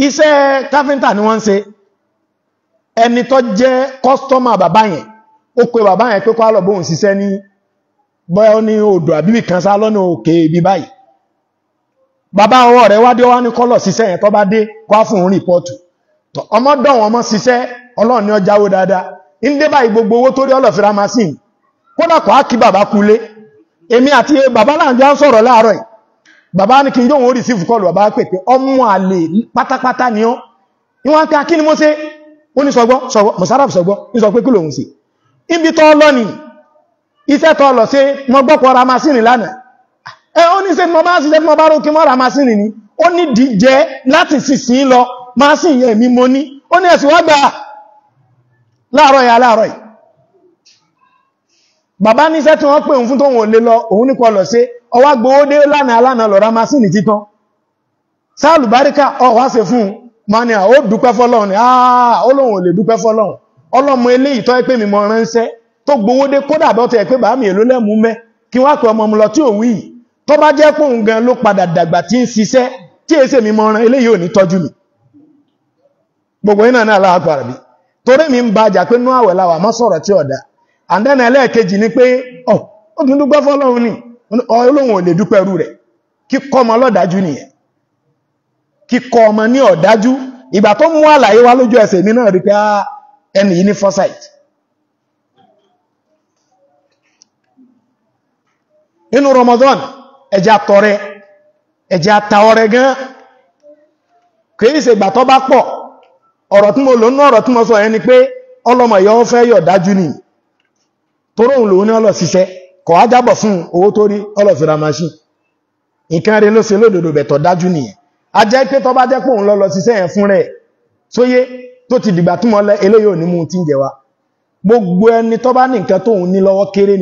Ise káfíntà ni wọ́n se ṣe ẹni tó jẹ́ kọ́stọ́mà bàbá yẹn ó pe bàbá yẹn pé kó lọ bóhun ní bọ́ẹ̀ ó ní odò àbíbì kan sá lọ́nà òkè ibi báyìí bàbá ọwọ́ rẹ̀ wádé wá ní kọ́lọ̀ ṣiṣẹ́ yẹn tó bá dé kó fún un rìpọ́ọ̀tù ṣiṣẹ́ bàbá ní kí n yóò wọ́n receive call bàbá pè pé ọmọ àlè pátápátá ni ó níwọ́n pé akí ni mo ṣe ó ní sọgbọ́ mọ̀sáràf sọgbọ́ ní sọ pé kí lòun ṣe ibi tọ́ lọ ni iṣẹ́ tọ́ lọ sí mọ́ gbọ́pọ̀ ra masínì lánàá ẹ ó ní ṣe mọ́ bá ṣiṣẹ́ mọ́ bá rókè mọ́ ra masínì ni bàbá níṣẹ́ tí wọ́n pè òun fún tó wọ́n lè lọ òun ní kó lọ ṣe ọwá gbówódé lánàá lánàá lọ̀rá masíìnì títán sáàlùbáríkà ọwá se fún mania ó dúpẹ́ fọ́lọ́run ni àà olóhun ò lè dúpẹ́ fọ́lọ́run ọlọ́mọ ilé ìtọ́ pé mi ran gbogbo iná náà láàpàrà bí torí mi ń bàjà pé nú àwẹ̀ má sọ̀rọ̀ tí and then ẹlẹ́ẹ̀kejì ni pé ọ̀ ó tún dúpẹ́ fọ́lọ́run ni ọlọ́run ò lè dúpẹ́ rú rẹ̀ kíkọ́ ọmọ lọ́dájú nìyẹn kíkọ́ ọmọ ní ọ̀dájú ìgbà tó mú àlàyé wá lójú ẹsẹ̀ mi náà rí pé ah, ẹni yìí ní foresight nínú Ramadan ẹja tọrẹ ẹja ta ọrẹ gan kìí ṣe ìgbà tó bá pọ̀ ọ̀rọ̀ tí mo ni pé ọlọ́mọ fẹ́ toróhùn lòun ní ọlọ̀ síṣẹ́ kọ̀ á jábọ̀ fún owó tó rí ọlọ̀ fìra maṣí nǹkan rẹ̀ ló ṣe lódòdó bẹ̀tọ̀ dájú nìyẹn a jẹ́ pé tọ́ bá jẹ́ òun lọ́lọ́ síṣẹ́ fún rẹ̀ sóyé tó ti dìgbà túnmọ̀ lẹ eléyìí ni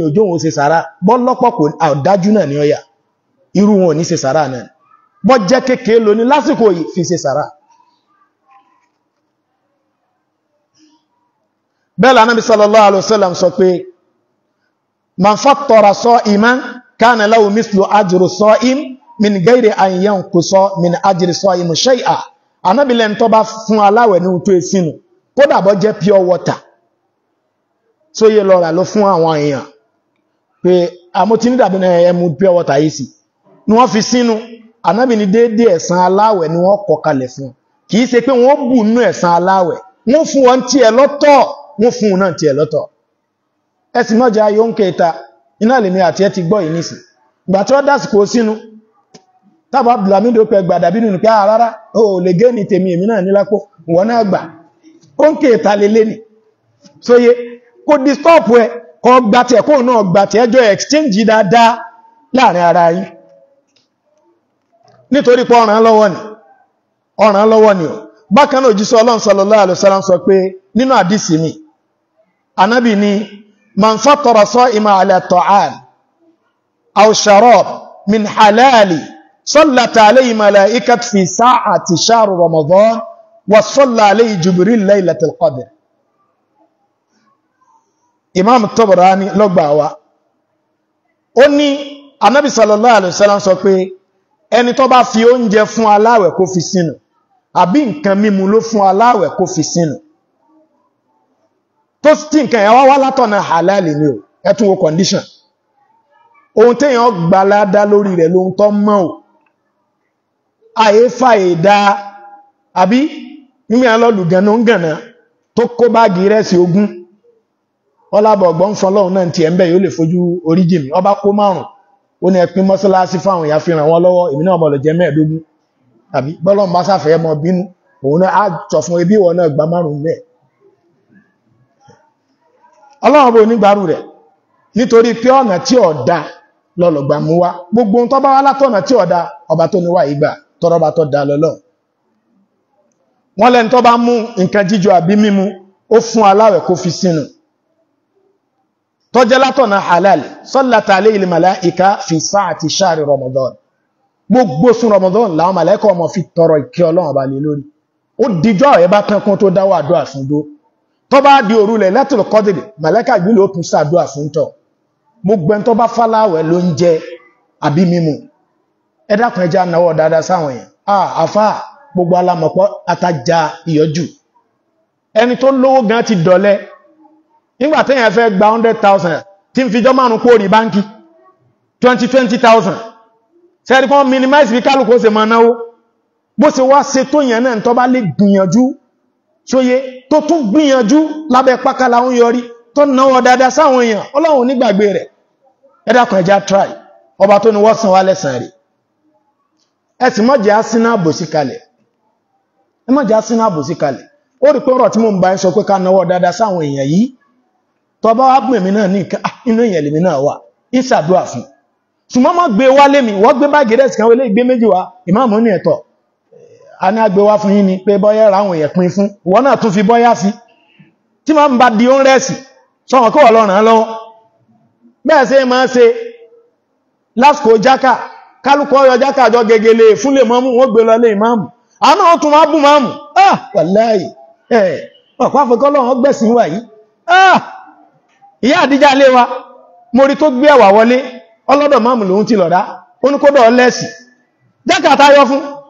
òjò òun ṣe sàrà bọ́ lọ́pọ̀ kò àdájú náà ní ọ̀yà irú wọn ò ní ṣe sàrà náà bọ́ jẹ́ kékeré lóní lásìkò yìí fi ṣe sàrà bẹ́ẹ̀ lànà bí sallallahu alaihi sọ pé man fattara sa'iman kana lahu mislu ajru sa'im min gairi an yankusa min ajri sa'im shay'a Ànábì lẹ́ni tó bá fún aláwẹ̀ ní tó esinu kódà bó jẹ́ pure water so ye lọ rà lọ fún àwọn èyàn pé amotini dàbí na ẹ mu pure water yìí sí ni wọ́n fi sínú Ànábì ní déédé ẹ̀san aláwẹ̀ ni wọ́n kọ kalẹ̀ fún kì í ṣe pé wọ́n bù nú ẹ̀san aláwẹ̀ wọ́n fún wọn tiẹ̀ lọ́tọ̀ wọ́n fún náà tiẹ̀ lọ́tọ̀ ẹsì mọ́já yóò ń kẹta iná lèmi àti ẹ e ti gbọ́ yìí nìsì ìgbà tí wọ́n dásìkò sínú tábà blamídò pẹ gbàdà o lè gé ní tèmi èmi náà nílápò wọ́n náà gbà ó ń kẹta lélé ni sóye kò disturb ẹ kọ gbàtẹ̀ kó náà gbàtẹ̀ ẹjọ exchange dáadáa láàrin ara yín nítorí pé ọ̀ràn lọ́wọ́ ni ọ̀ràn lọ́wọ́ ni bákan náà Ọlọ́run sọ pé من فطر صائما على طعام أو شراب من حلال صلت عليه ملائكة في ساعة شهر رمضان وصلى عليه جبريل ليلة القدر Imam Tabarani ló gbà wá ó ní Ànábì sallallahu alaihi wasallam sọ pé ẹni tó bá fi oúnjẹ fún aláwẹ̀ kó fi sínú àbí nǹkan mímu ló fún aláwẹ̀ kó fi sínú tó tí nǹkan ẹ̀wọ́ wá látọ̀nà halali ni o ẹ̀tún wo condition ohun téèyàn gbalada lórí rẹ̀ lóhun tó mọ́ o àyè fàyèdá àbí mímí alọ́lù gànà ń gànà tó kó báàgì rẹ̀sì ogún ọlábọ̀ ọgbọ́n fọlọ́hun náà ti ẹ̀mbẹ̀ yóò lè fojú orí jì mí ọba kó márùn ó ní ẹpin mọ́sálásí fáwọn èèyàn fi ràn wọ́n lọ́wọ́ èmi náà mọ̀lọ̀ jẹ́ mẹ́ẹ̀ẹ́dógún àbí bọ́lọ́n bá bínú òun náà á tọ̀ ebí wọn náà gbá márùn-ún bẹ́ẹ̀ ọlọ́run bó nígbàrú rẹ̀ nítorí pé ọ̀nà tí ọ̀dá lọ́lọ̀gbà mú wá gbogbo tó bá wá látọ̀nà tí ọ̀dá ọba tó níwà ìgbà tọrọba tó dá lọ́lọ́ wọ́n lẹ́ni tó bá mú nǹkan jíjọ àbí mímu ó fún aláwẹ̀ kó fi sínú tó jẹ́ látọ̀nà halal sallata alayhil malaika fi sáàtì sáàrì Ramadan gbogbo sún Ramadan làwọn màláíkà ọmọ fi tọrọ ìkẹ́ ọlọ́run ọba lè lórí ó dijọ́ ẹ̀ bá tán tó dáwọ́ àdúrà fún tó bá di òru lẹ̀ lẹ́tùlù kọ́dìdì mẹ̀lẹ́kà ìgbìlẹ̀ òkun sàdúà fún tọ̀ gbogbo ẹn tó bá fáláwẹ̀ ló ń jẹ àbí mímu ẹ dákun ẹja náwọ́ dáadáa sáwọn èèyàn àfá gbogbo alamọ̀pọ̀ atajà ìyọjú ẹni tó lówó gan ti dọ̀lẹ nígbà téèyàn fẹ́ gba 100,000 tí ń fi márùn kó rí báńkì 20,000 sẹ́ẹ̀rí kan minimize bí kálukú ó ṣe máa náwó bó ṣe wá ṣe tó yẹn náà tó bá lè gbìyànjú ṣóyé tó tún gbìyànjú lábẹ́ pákàlà ń yọrí tó náwọ dáadáa sáwọn èèyàn ọlọ́run nígbàgbé rẹ̀ ẹ ẹja try ọba tó ní wọ́n san wá lẹ́san rẹ̀ ẹ sì má jẹ́ asínà àbòsí kalẹ̀ ẹ má jẹ́ asínà àbòsí kalẹ̀ ó rí pé ọ̀rọ̀ tí mo ń bá ń sọ pé ká náwọ dáadáa sáwọn èèyàn yìí tó ah, mi wọ́n gbé báàgì rẹ̀ sì kan wọlé a ní agbéwá fún yín ni pé bọ́yá ráwọn èèyàn pin fún wọ́n náà tún fi bọ́yá sí tí ma ń bá di oún rẹ̀sì sọ́wọ́n kó wọ́n lọ́wọ́ bẹ́ẹ̀ sí ma ṣe lásìkò jákà kálukú ọyọ jákà jọ gegele fún lè mọ́mú wọ́n gbé lọlé ìmáàmù àánú ah, eh, ó máàmù ah ti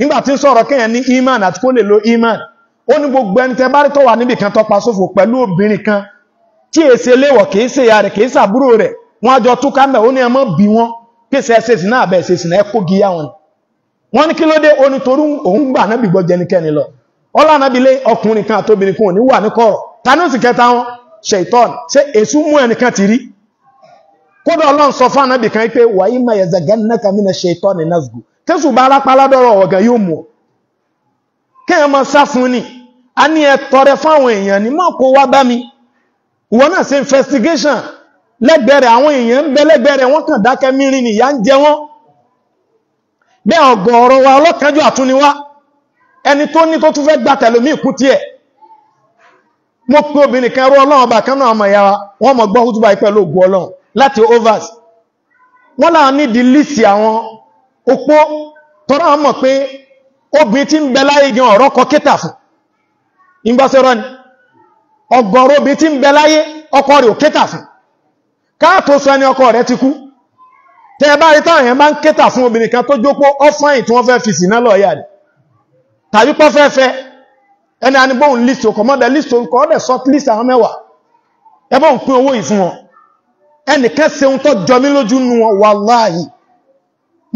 nígbàtí ń sọ̀rọ̀ kéèyàn ní iman àti kó lè lo iman ó ní gbogbo ẹni tẹ́ bá rí wà níbì kan tọpa sófò pẹ̀lú obìnrin kan tí èsè léwọ̀ kìí ṣe ìyá rẹ̀ kìí ṣàbúrò rẹ̀ wọ́n àjọ túká mẹ́ ó ní ẹmọ́ bí wọ́n pèsè ẹsẹ̀ sí náà bẹ̀ẹ̀ sèsì náà kó gíyà wọn wọ́n lọ lé ọkùnrin kan kan ò wọn tẹ́sù bá rápá ládọ́rọ̀ ọ̀gá yóò mọ̀ kẹ́yàn máa sá fún ni a ní ẹ tọrẹ fáwọn èèyàn ní mọ́ kó wá bá mi wọ́n náà ṣe investigation lẹ́gbẹ̀rẹ̀ àwọn èèyàn ń bẹ lẹ́gbẹ̀rẹ̀ wọ́n kàn dákẹ́ mírin ni ìyà ń jẹ wọ́n bẹ́ ọ̀gọ̀ọ̀rọ̀ wa ọlọ́kànjú àtúniwá ẹni tó ní tó tún fẹ́ gba tẹ̀lómí ìkú tiẹ̀ mo pé obìnrin kan rú ọlọ́run bá kánú àmọ̀ ìyá wa mọ̀ gbọ́ hútúbà pẹ̀lú ògùn ọlọ́run láti overs wọ́n láwọn nídìí líìsì àwọn opó tọ́rọ mọ̀ pé obi tí ń bẹ láyé gan kọ kéta fún ìgbàsẹ̀rọ ni ọ̀gọ̀rọ̀ tí ọkọ rẹ̀ ò kéta fún káàtó sọ ọkọ rẹ̀ ti kú tẹ táwọn èèyàn ń kéta fún obìnrin kan tó jókó fisi tí wọ́n fẹ́ fi sínà lọ́ọ̀yà rẹ̀ tàbí ẹni list okọ̀ mọ́dẹ̀ list list àwọn mẹ́wàá ẹbọ́n pín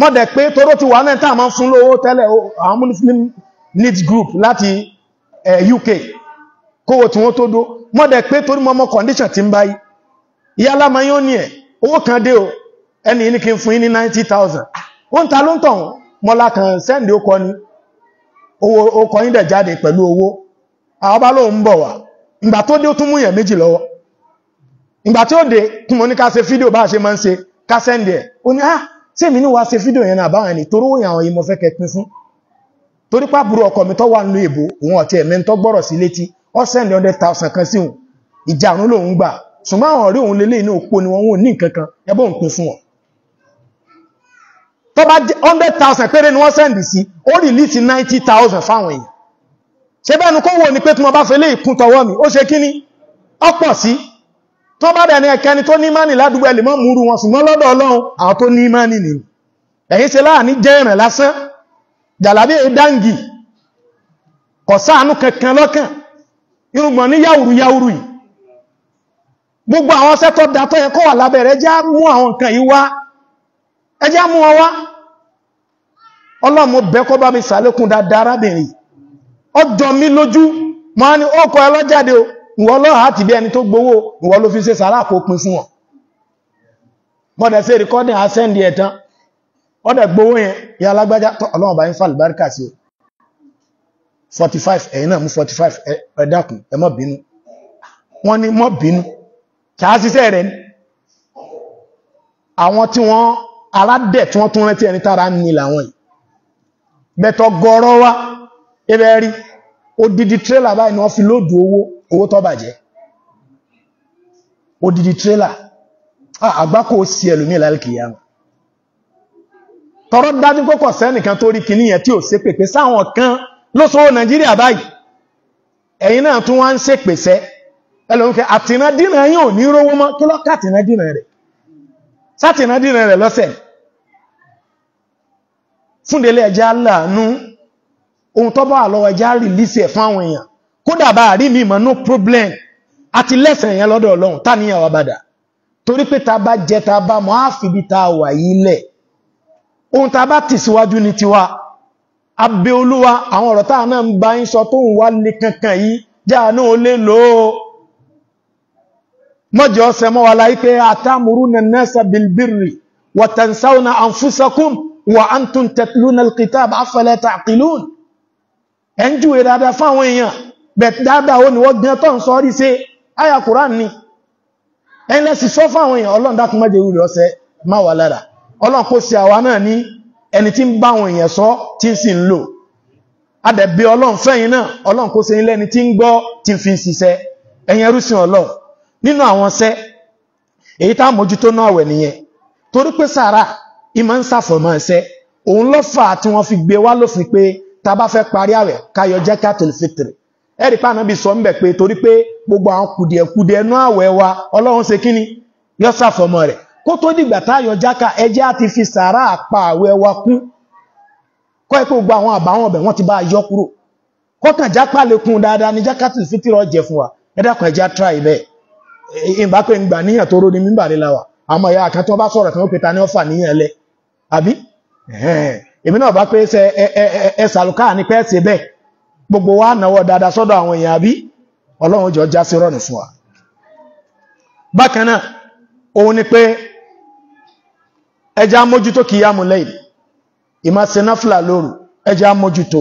wọ́n dẹ̀ pé toró ti wà náà tàà máa fún lówó tẹ́lẹ̀ àwọn Muslim Lead Group láti eh, UK kówò tí wọ́n tó dó wọ́n dẹ̀ pé torí mọ́mọ́ condition ti ń báyí ìyálà ma yóò ní ẹ̀ owó kan dé o ẹni ní kí n fún yín ní 90,000 wọ́n ta ló ń tàn mọ́lá kan sẹ́ndì ókọ ní ókọ yín dẹ̀ jáde pẹ̀lú owó àwọn bá lóun bọ̀ wá ìgbà tó dé ó tún mú yẹ̀ méjì lọ́wọ́ ìgbà tí dé tí mo ní ká ṣe fídíò bá ṣe máa ń ṣe ká sẹ́ndì ẹ̀ ó ní ah tí èmi ní wá ṣe fídíò yẹn náà báwọn ni toró òyìn àwọn ìmọ̀ fẹ́ kẹpin fún torí pàbúrú ọkọ̀ mi tó wà nílùú èbó òun ọ̀tí ẹ̀mẹ́ tó gbọ́rọ̀ sí létí ọ́sẹ̀ndì ọdẹ tàùsàn kan sí òun ìjà òun lòun gbà ṣùgbọ́n àwọn ọ̀rẹ́ òun lélẹ́ inú òpó ni wọ́n ní nǹkan kan ẹbọ́ òun pin fún wọn tó bá jẹ́ 100,000 péré ni wọ́n sẹ́ndì sí ó rìlíìsì 90,000 fáwọn èèyàn ṣe bẹ́ẹ̀ ni kó wò ní pé tí wọ́n bá fẹ́ lé ìkún mi ó ṣe kíní ọ̀pọ̀ sí tó bá dẹ̀ ní ẹkẹni tó ní mani ládùúgbò ẹlì mọ́ múrú wọn ṣùgbọ́n lọ́dọ̀ ọlọ́run àwọn tó ní mánì nì ẹ̀yìn ṣe láàní jẹ́ ìrìn lásán jàlábí ìdáǹgì kò sáànú kankan lọ́kàn irùngbọ̀n ní yàwùrù yàwùrù yìí gbogbo àwọn sẹ́tọ̀ dátọ́ yẹ kó wà lábẹ́rẹ́ já mú àwọn nǹkan yìí wá ẹjá mú wọn wá ọlọ́mọ bẹ́kọ́ bá mi sàlékún dáadáa arábìnrin ọjọ́ mi lójú mọ́ ni ó kọ ẹlọ́jáde o ìwọ lọ́ha ti bí ẹni tó gbowó ìwọ ló fi ṣe sàárà kó pin sí wọn mọ́dẹ̀ sí rìkọ́dìn asẹ́ndì ẹ̀tán ọdẹ̀ gbowó yẹn ya alágbájá tọ́ ọlọ́run bá ń fà lùbáríkà sí o 45 ẹ̀yin náà mú 45 ẹ dákun ẹ má bínú wọ́n bẹ̀tọ̀ gọ́ọ̀rọ̀ wá ẹbẹ̀ rí odidi tírélà báyìí wọ́n fi lóòdù owó owó tó bàjẹ́ odidi trailer ah, àgbákò sí ẹlòmí ìlàlìkìyà tọrọ dájú pọ́pọ̀ sẹ́nìkan tó rí kìíní yẹn tí ò ṣe pèpè sáwọn kan ló sọ Nàìjíríà báyìí ẹ̀yin náà tún wá ń ṣe pèsẹ́ ẹlòmífẹ́ àtìnádínà yìí ò ní rówó mọ́ kí lọ́kà àtìnádínà rẹ̀ sátìnádínà rẹ̀ lọ́sẹ̀ fúndélé ẹjá láàánú ohun tọ́bọ̀ àlọ́wọ́ ẹjá kódà bá rí mi mọ̀ no problem àti lẹ́sẹ̀ yẹn lọ́dọ̀ ọlọ́run tá ní àwa bàdà torí pé ta bá jẹ ta bá mọ́ á fi bí ta wà yìí lẹ̀ ohun ta bá tì síwájú ní tiwa abẹ olúwa àwọn ọ̀rọ̀ táà náà ń bá ń sọ tó ń wá lè kankan yìí jáàánú ó lè lòó mọ́jọ́ ọ̀sẹ̀ mọ́ wa láyé pé àtàmùrú na nẹ́sà bilbirri wàtànsáwọ̀nà àǹfúsakùn wà á ń tún tẹ̀lú na kìtàbà afẹ́lẹ́ tàkìlún ẹ̀ ń júwe dáadáa fáwọn èèyàn bẹ̀t dáadáa ó ni wọ́n gan tọ́ ń sọ rí sí àyà Kùránì ni ẹnlẹ́sì sọ fáwọn èèyàn Ọlọ́run dákun má jẹ́ wúrẹ̀ ọsẹ má wà lára Ọlọ́run kó ṣe àwa náà ní ẹni tí ń bá àwọn èèyàn sọ tí ń sì ń lò adẹ̀bí Ọlọ́run fẹ́yìn náà Ọlọ́run kó ṣe ilẹ́ni tí ń gbọ́ tí ń fi ṣiṣẹ́ ẹ̀yẹn rúsìn Ọlọ́run nínú àwọn ṣẹ́ èyí tá mójútó náà wẹ̀ nìyẹn torí pé sàrà ìmọ̀ ń sàfọ̀mọ́ ṣẹ́ òun ló tí wọ́n fi gbé wá lófin pé ta bá fẹ́ parí àwẹ̀ káyọ jẹ́ ká ẹ̀rí pa ànábì sọ ń bẹ̀ pé torí pé gbogbo àwọn kùdìẹ̀kùdìẹ̀ ẹnu àwẹ̀ wa ọlọ́run ṣe kíni yọ sàfọ̀mọ́ rẹ̀ kó tó dìgbà táyọ̀ jáka ẹjẹ́ á fi sàárà àpá àwẹ̀ wa kún kọ́ ẹ pé gbogbo àwọn àbáwọn ọbẹ̀ wọ́n ti bá yọ kúrò kọ́kàn jápá lekun dáadáa ni jákàtì fítírọ̀ jẹ fún wa ẹ̀dàkùn ẹjẹ́ tra ibẹ̀ ìgbà pé ń gbà níyàn tó róni mímbà nílá wa àmọ́ ìyá kan tó bá sọ̀rọ̀ kan ó pe ta ní ọ̀fà níyàn lẹ àbí èmi náà bá pé ẹ sàlùkà ní pẹ́ẹ́sì bẹ́ẹ̀ gbogbo wa náwó dáadáa sọ́dọ̀ àwọn èèyàn àbí ọlọ́run jọ já sí rọrùn fún wa bákan náà òun ni pé ẹjá mójútó kìí yámù lẹ́yìn ìmá ṣe náfìlà lóru ẹjá mójútó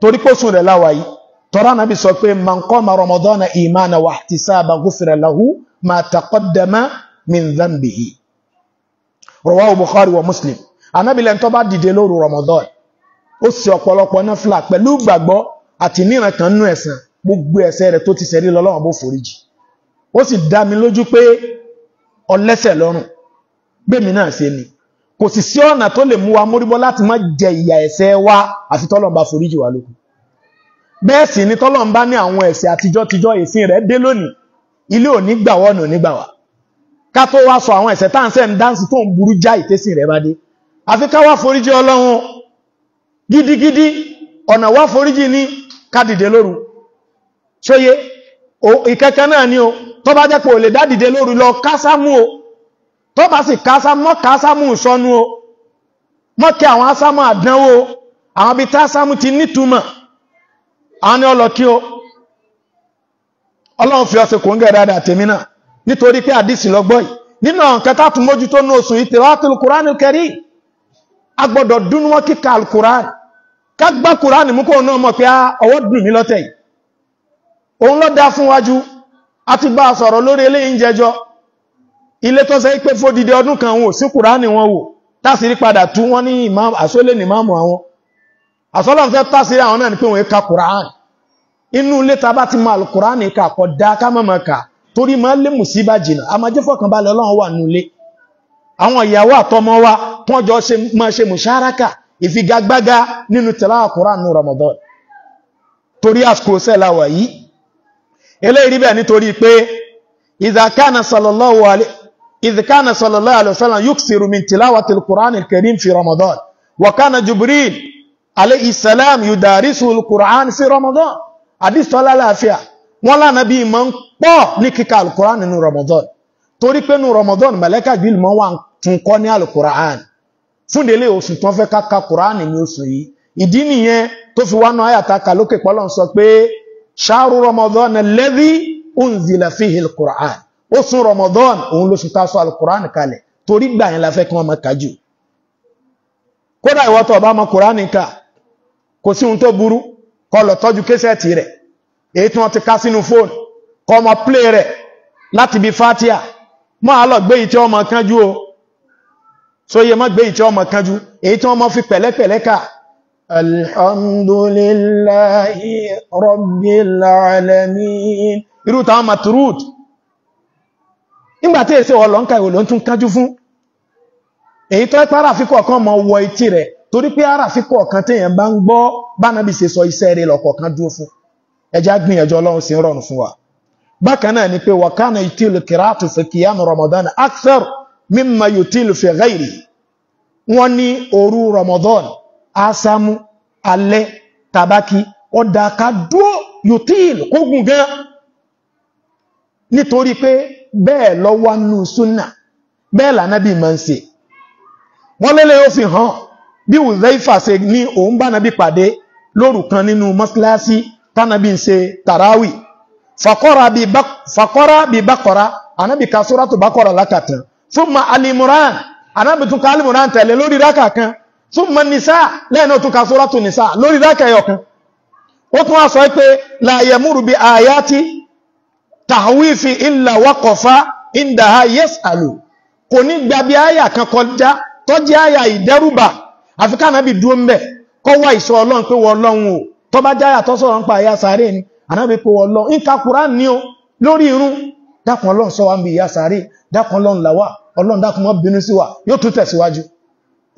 torí pósùn rẹ̀ láwà yìí tọ́rọ Ànábì sọ pé man qama Ramadana imana wa ihtisaba ghufira lahu ma taqaddama min dhanbihi rawahu Bukhari wa Muslim Ànábì lẹ́ni bá dìde lóru Ramadan ó sì ọ̀pọ̀lọpọ̀ náfìlà pẹ̀lú gbàgbọ́ àti níran kan nú ẹ̀san gbogbo ẹ̀ṣẹ̀ rẹ̀ tó ti ṣẹ̀rí lọ́lọ́run bó foríjì ó sì dá mi lójú pé ọlẹ́ṣẹ̀ lọ́rùn gbèmí náà ṣe ni kò sì sí ọ̀nà tó lè mú wa móríbọ́ láti má jẹ ìyà ẹ̀ṣẹ̀ wa àfi tọ́lọ́run bá foríjì wa lókun bẹ́ẹ̀ sì ni tọ́lọ́run bá ní àwọn ẹ̀ṣẹ̀ àtijọ́ tijọ́ ìsìn rẹ̀ dé lónìí ilé òní gbà wọ́n òní gbà wá ká tó wá sọ àwọn ẹ̀ṣẹ̀ tá à ń sẹ́ ń dáǹsì tó ń burú já ìtẹ́sìn rẹ̀ bá dé àfi ká wá foríjì ọlọ́run gidigidi ọ̀nà wá foríjì ni kádìde lóru ṣóyé ìkẹ́kẹ́ náà ni o tó bá jẹ́pọ̀ lè dádìde lóru lọ kásámú o tó bá sì kásámú kásámú sọnú o mọ́kẹ́ àwọn ásámú àdánwò àwọn bí tásámú ti nítumọ̀ àwọn ni ọlọ́kí o ọlọ́run fi ọsẹ kò ń gẹ̀ dáadáa tèmi náà nítorí pé àdìsí lọ́gbọ́ yìí nínú àwọn kẹta tún mójútó ní oṣù ìtẹ̀wá tó lùkùránì kẹrí agbọ́dọ̀ dúnú wọn kíkà alùkùránì kágbá kùránì mú kó náà mọ̀ pé ah, ọwọ́ dùn mí lọ́tẹ̀ yìí òun ló dá fún wájú a ti bá sọ̀rọ̀ lórí eléyìí jẹjọ ilé tó sẹ́ pé fódìdí ọdún kan wò sí kùránì wọn wò tásìrí padà tú wọn ní ìmáàmù àsólé ní ìmáàmù àwọn àsọ́lọ́n fẹ́ tásìrí àwọn náà ni pé wọ́n ka kùránì inú ilé ta bá ti ìfigagbága nínú tẹ̀lá àkùrán ní Ramadan torí àsìkò sẹ́láwà yìí eléyìí rí bẹ́ẹ̀ nítorí pé ìzàkánà sallallahu alaihi wasallam yuksiru min tilawati al-Qur'an al-Karim fi Ramadan wa kana Jibril alayhi salam yudarisu al-Qur'an fi Ramadan fúndélé oṣù tán fẹ́ káka kùránì ní oṣù yìí ìdí nìyẹn tó fi wánú àyàtàkà lókè pọ́lọ́n sọ pé ṣáàrù ramadan alladhi unzila fihi alquran oṣù ramadan òun lóṣù tá a sọ alquran kalẹ̀ torí gbà yẹn la fẹ́ kí wọ́n máa kájú kódà ìwọ tó bá mọ kùránì ká kò sí ohun tó burú kó lọ tọ́jú késẹ́ẹ̀tì rẹ̀ èyí tí wọ́n ti ká sínú fóònù kó máa play fatia máa lọ gbé yìí tí wọ́n so yẹ mọ́ gbé ìtí ọmọ kanjú èyí tí wọ́n mọ́ fi pẹ̀lẹ́pẹ̀lẹ́ ká alhamdulillahi rabbil alamin irú táwọn maturud nígbàtí èsẹ́ ọlọ́nkà ìwò ló ń tún kanjú fún èyí tó ẹ́pá àràfíkọ̀ kan mọ́ wọ etí rẹ̀ torí pé àràfíkọ̀ kan téèyàn bá ń gbọ́ bánàbí ṣe sọ iṣẹ́ rẹ̀ lọ́kọ̀ kan dúró fún ẹjá gbìyànjú ọlọ́run sí rọrùn fún wa bákan náà ni pé wàkánà ìtìlù kìrààtù fi kìyàmù ramadan akthar mímọ̀ yóò tí lù fẹ̀ gáìrì wọ́n ní òru Ramadan asamu alẹ́ tabaki ọ̀dà ká dúó yóò tí lù kógùn gan nítorí pé bẹ́ẹ̀ lọ́wọ́ nù súnà bẹ́ẹ̀ lànábì máa ń ṣe wọ́n lélẹ̀ ó fi hàn bí Uzaifa ṣe ní òun bá nàbí pàdé lóru nínú mọ́síláṣí tánàbí ń ṣe tàráwì fàkọ́ra bí bákọ́ra ànábì ka sóràtù bákọ́ra lákàtàn súnmà alimuran anábì tún ka alimuran tẹ̀lé lórí rákà kan súnmà nìsá lẹ́ẹ̀nà tún ka sóràtù nìsá lórí rákà ẹyọkan ó tún wá sọ pé láyẹ̀múrù bí àyátí tàwífì ìlà wákọ̀fá ìndàhà yes àlù kò ní gba bí àyà kan kọjá tọ́jú àyà ìdẹ́rùbà àfikà anábì dúró ń bẹ̀ kọ́ wá ìṣọ́ ọlọ́run pé wọ́n ọlọ́run o tọ́ bá tọ́sọ̀rọ̀ ń pa àyà sáré ni anábì dákun ọlọ́run sọ wá ń bí ìyá sàárì dákun ọlọ́run làwà ọlọ́run dákun mọ́ bínú sí wa yóò tún tẹ̀síwájú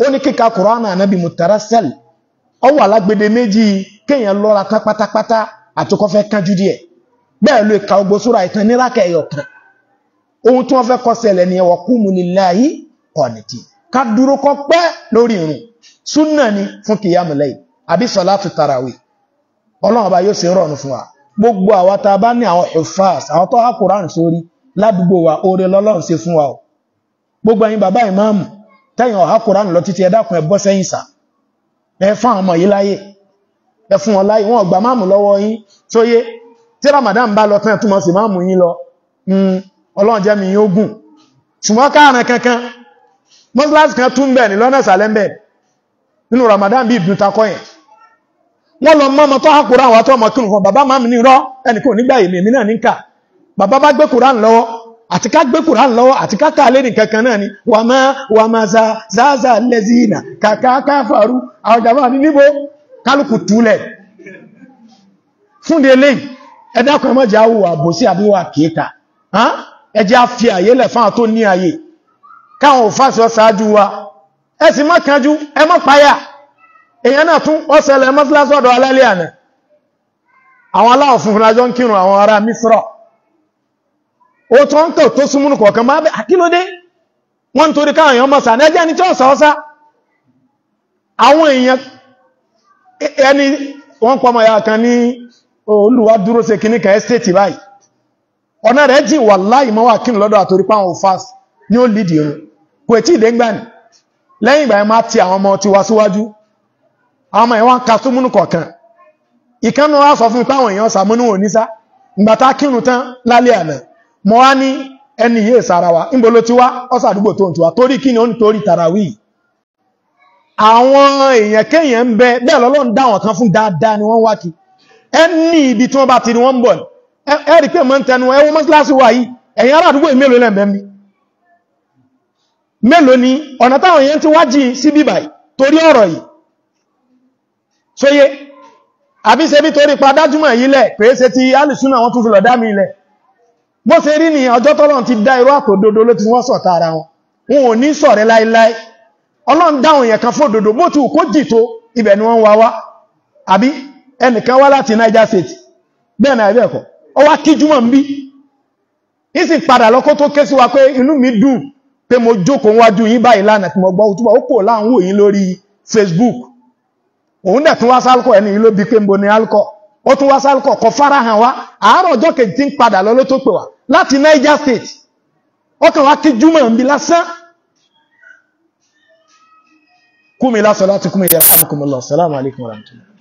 ó ní kíka kùránà ànábì mùtàrà sẹ́ẹ̀lì ọ wà lágbede méjì kéèyàn lọ́ra tán pátápátá àtúkọ́ fẹ́ kánjú díẹ̀ bẹ́ẹ̀ ló ka ogbó súra ìtàn nírákẹ́ ẹ̀yọ̀ kan ohun tí wọ́n fẹ́ kọ́ sẹlẹ̀ ni ẹ̀wọ̀ kúmu lillahi qanitin ká dúró kọ́ pẹ́ lórí irun súnà ni fún kìyàmù lẹ́yìn àbí sọ̀látù tarawih ọlọ́run ọba yóò ṣe rọrùn fún wa gbogbo àwa tá bá ní àwọn hufas àwọn tó há sórí ládùúgbò wa oore lọ́lọ́run ṣe fún wa o gbogbo ẹ̀yin bàbá ìmáàmù tẹ́yin ọ̀há lọ títí ẹ dákun ẹ sẹ́yìn sà ẹ fún àwọn ọmọ yìí láyè ẹ fún wọn láyè wọn ọgbà máàmù lọ́wọ́ yín tó yé tí Ramadan bá lọ tán túnmọ̀ sí máàmù yín lọ hmm, ọlọ́run jẹ́ mi gùn ṣùgbọ́n káàrin kan tún bẹ̀ ní lọ́nà nínú Ramadan bí wọ́n lọ ọmọ tó há kúrán àwọn àtọ́mọ̀ kí nǹkan bàbá máa mi ní rọ́ ẹnìkan ò nígbà èmi náà ní kà bàbá bá gbé kúrán lọ́wọ́ àti ká gbé àti ká kà lẹ́nì kankan náà ni wà máa wà máa za záza lẹ́zìnà kàkà káfàrú àwọn jàmbá ní níbo kálukú túlẹ̀ fún ẹ̀dá kan àbòsí àbíwá kéka àyè ní àyè káwọn ṣáájú wa páyà èyàn náà tún ọsọ mọ́sílásọ́dọ̀ alálẹ́ ànà àwọn aláwọ̀ funfun ajọ́ ń kírun àwọn ará mísírọ̀ ó tó ń tọ̀ tó súnmúnù kọ̀ọ̀kan máa bẹ́ àkílódé wọ́n torí káwọn èèyàn mọ́sà nẹ́jẹ́ ni tí ó sọ́ọ́sá oh, ti àwọn ọmọ ti àwọn ọmọ ìwọ́n ka súnmúnù kọ̀ọ̀kan wá sọ fún ipá èèyàn sàmúnù ò ìgbàtà kírun tán lálẹ́ àná mọ́ wá ní ẹni yìí wá tó tiwa torí kí ni ó ń torí tàràwì àwọn èèyàn kéèyàn ń kan fún dáadáa ni wọ́n wá kí ẹni ibi tí wọ́n bá ti ni wọ́n bọ̀ pé mọ́ ń tẹnu ni ọ̀nà táwọn èèyàn ti wá jìn torí sóyé àbí ṣe bí torí pa dájúmọ̀ yìí lẹ̀ pé ṣe ti alìsúnà wọn tún fi lọ dá mi ilẹ̀ bó ṣe rí ni ọjọ́ tọ́lọ́n ti dá irú àtòdodo ló ti wọ́n sọ̀tà ara wọn wọn ò ní sọ̀rẹ́ láíláí ọlọ́run dáhùn yẹn kan fódodo bó ti kó jì tó ibẹ̀ ni wọ́n wá wá àbí ẹnìkan wá láti Niger State bẹ́ẹ̀ náà ẹ̀bẹ̀ẹ̀kọ́ ọ wá kí júmọ̀ ń bí ìsìn padà lọ kó tó ké sí wa pé inú mi dùn pé mo jókòó wájú yín báyìí lánàá tí mo gbọ́ òtúbọ̀ ó kò láàrún wò lórí Facebook òun dẹ̀ tún wá sálkọ̀ ẹni ìlú bí pé ń ni alkọ̀ ó tún wá sálkọ̀ kọ farahàn wá àárọ̀ ọjọ́ kejì ń padà lọ ló tó pè wá láti Niger State ó kàn wá júmọ̀ ń bi lásán kúmi lásán láti kúmi yàrá kúmi lọ sàlámù alaykum wa rahmatulah.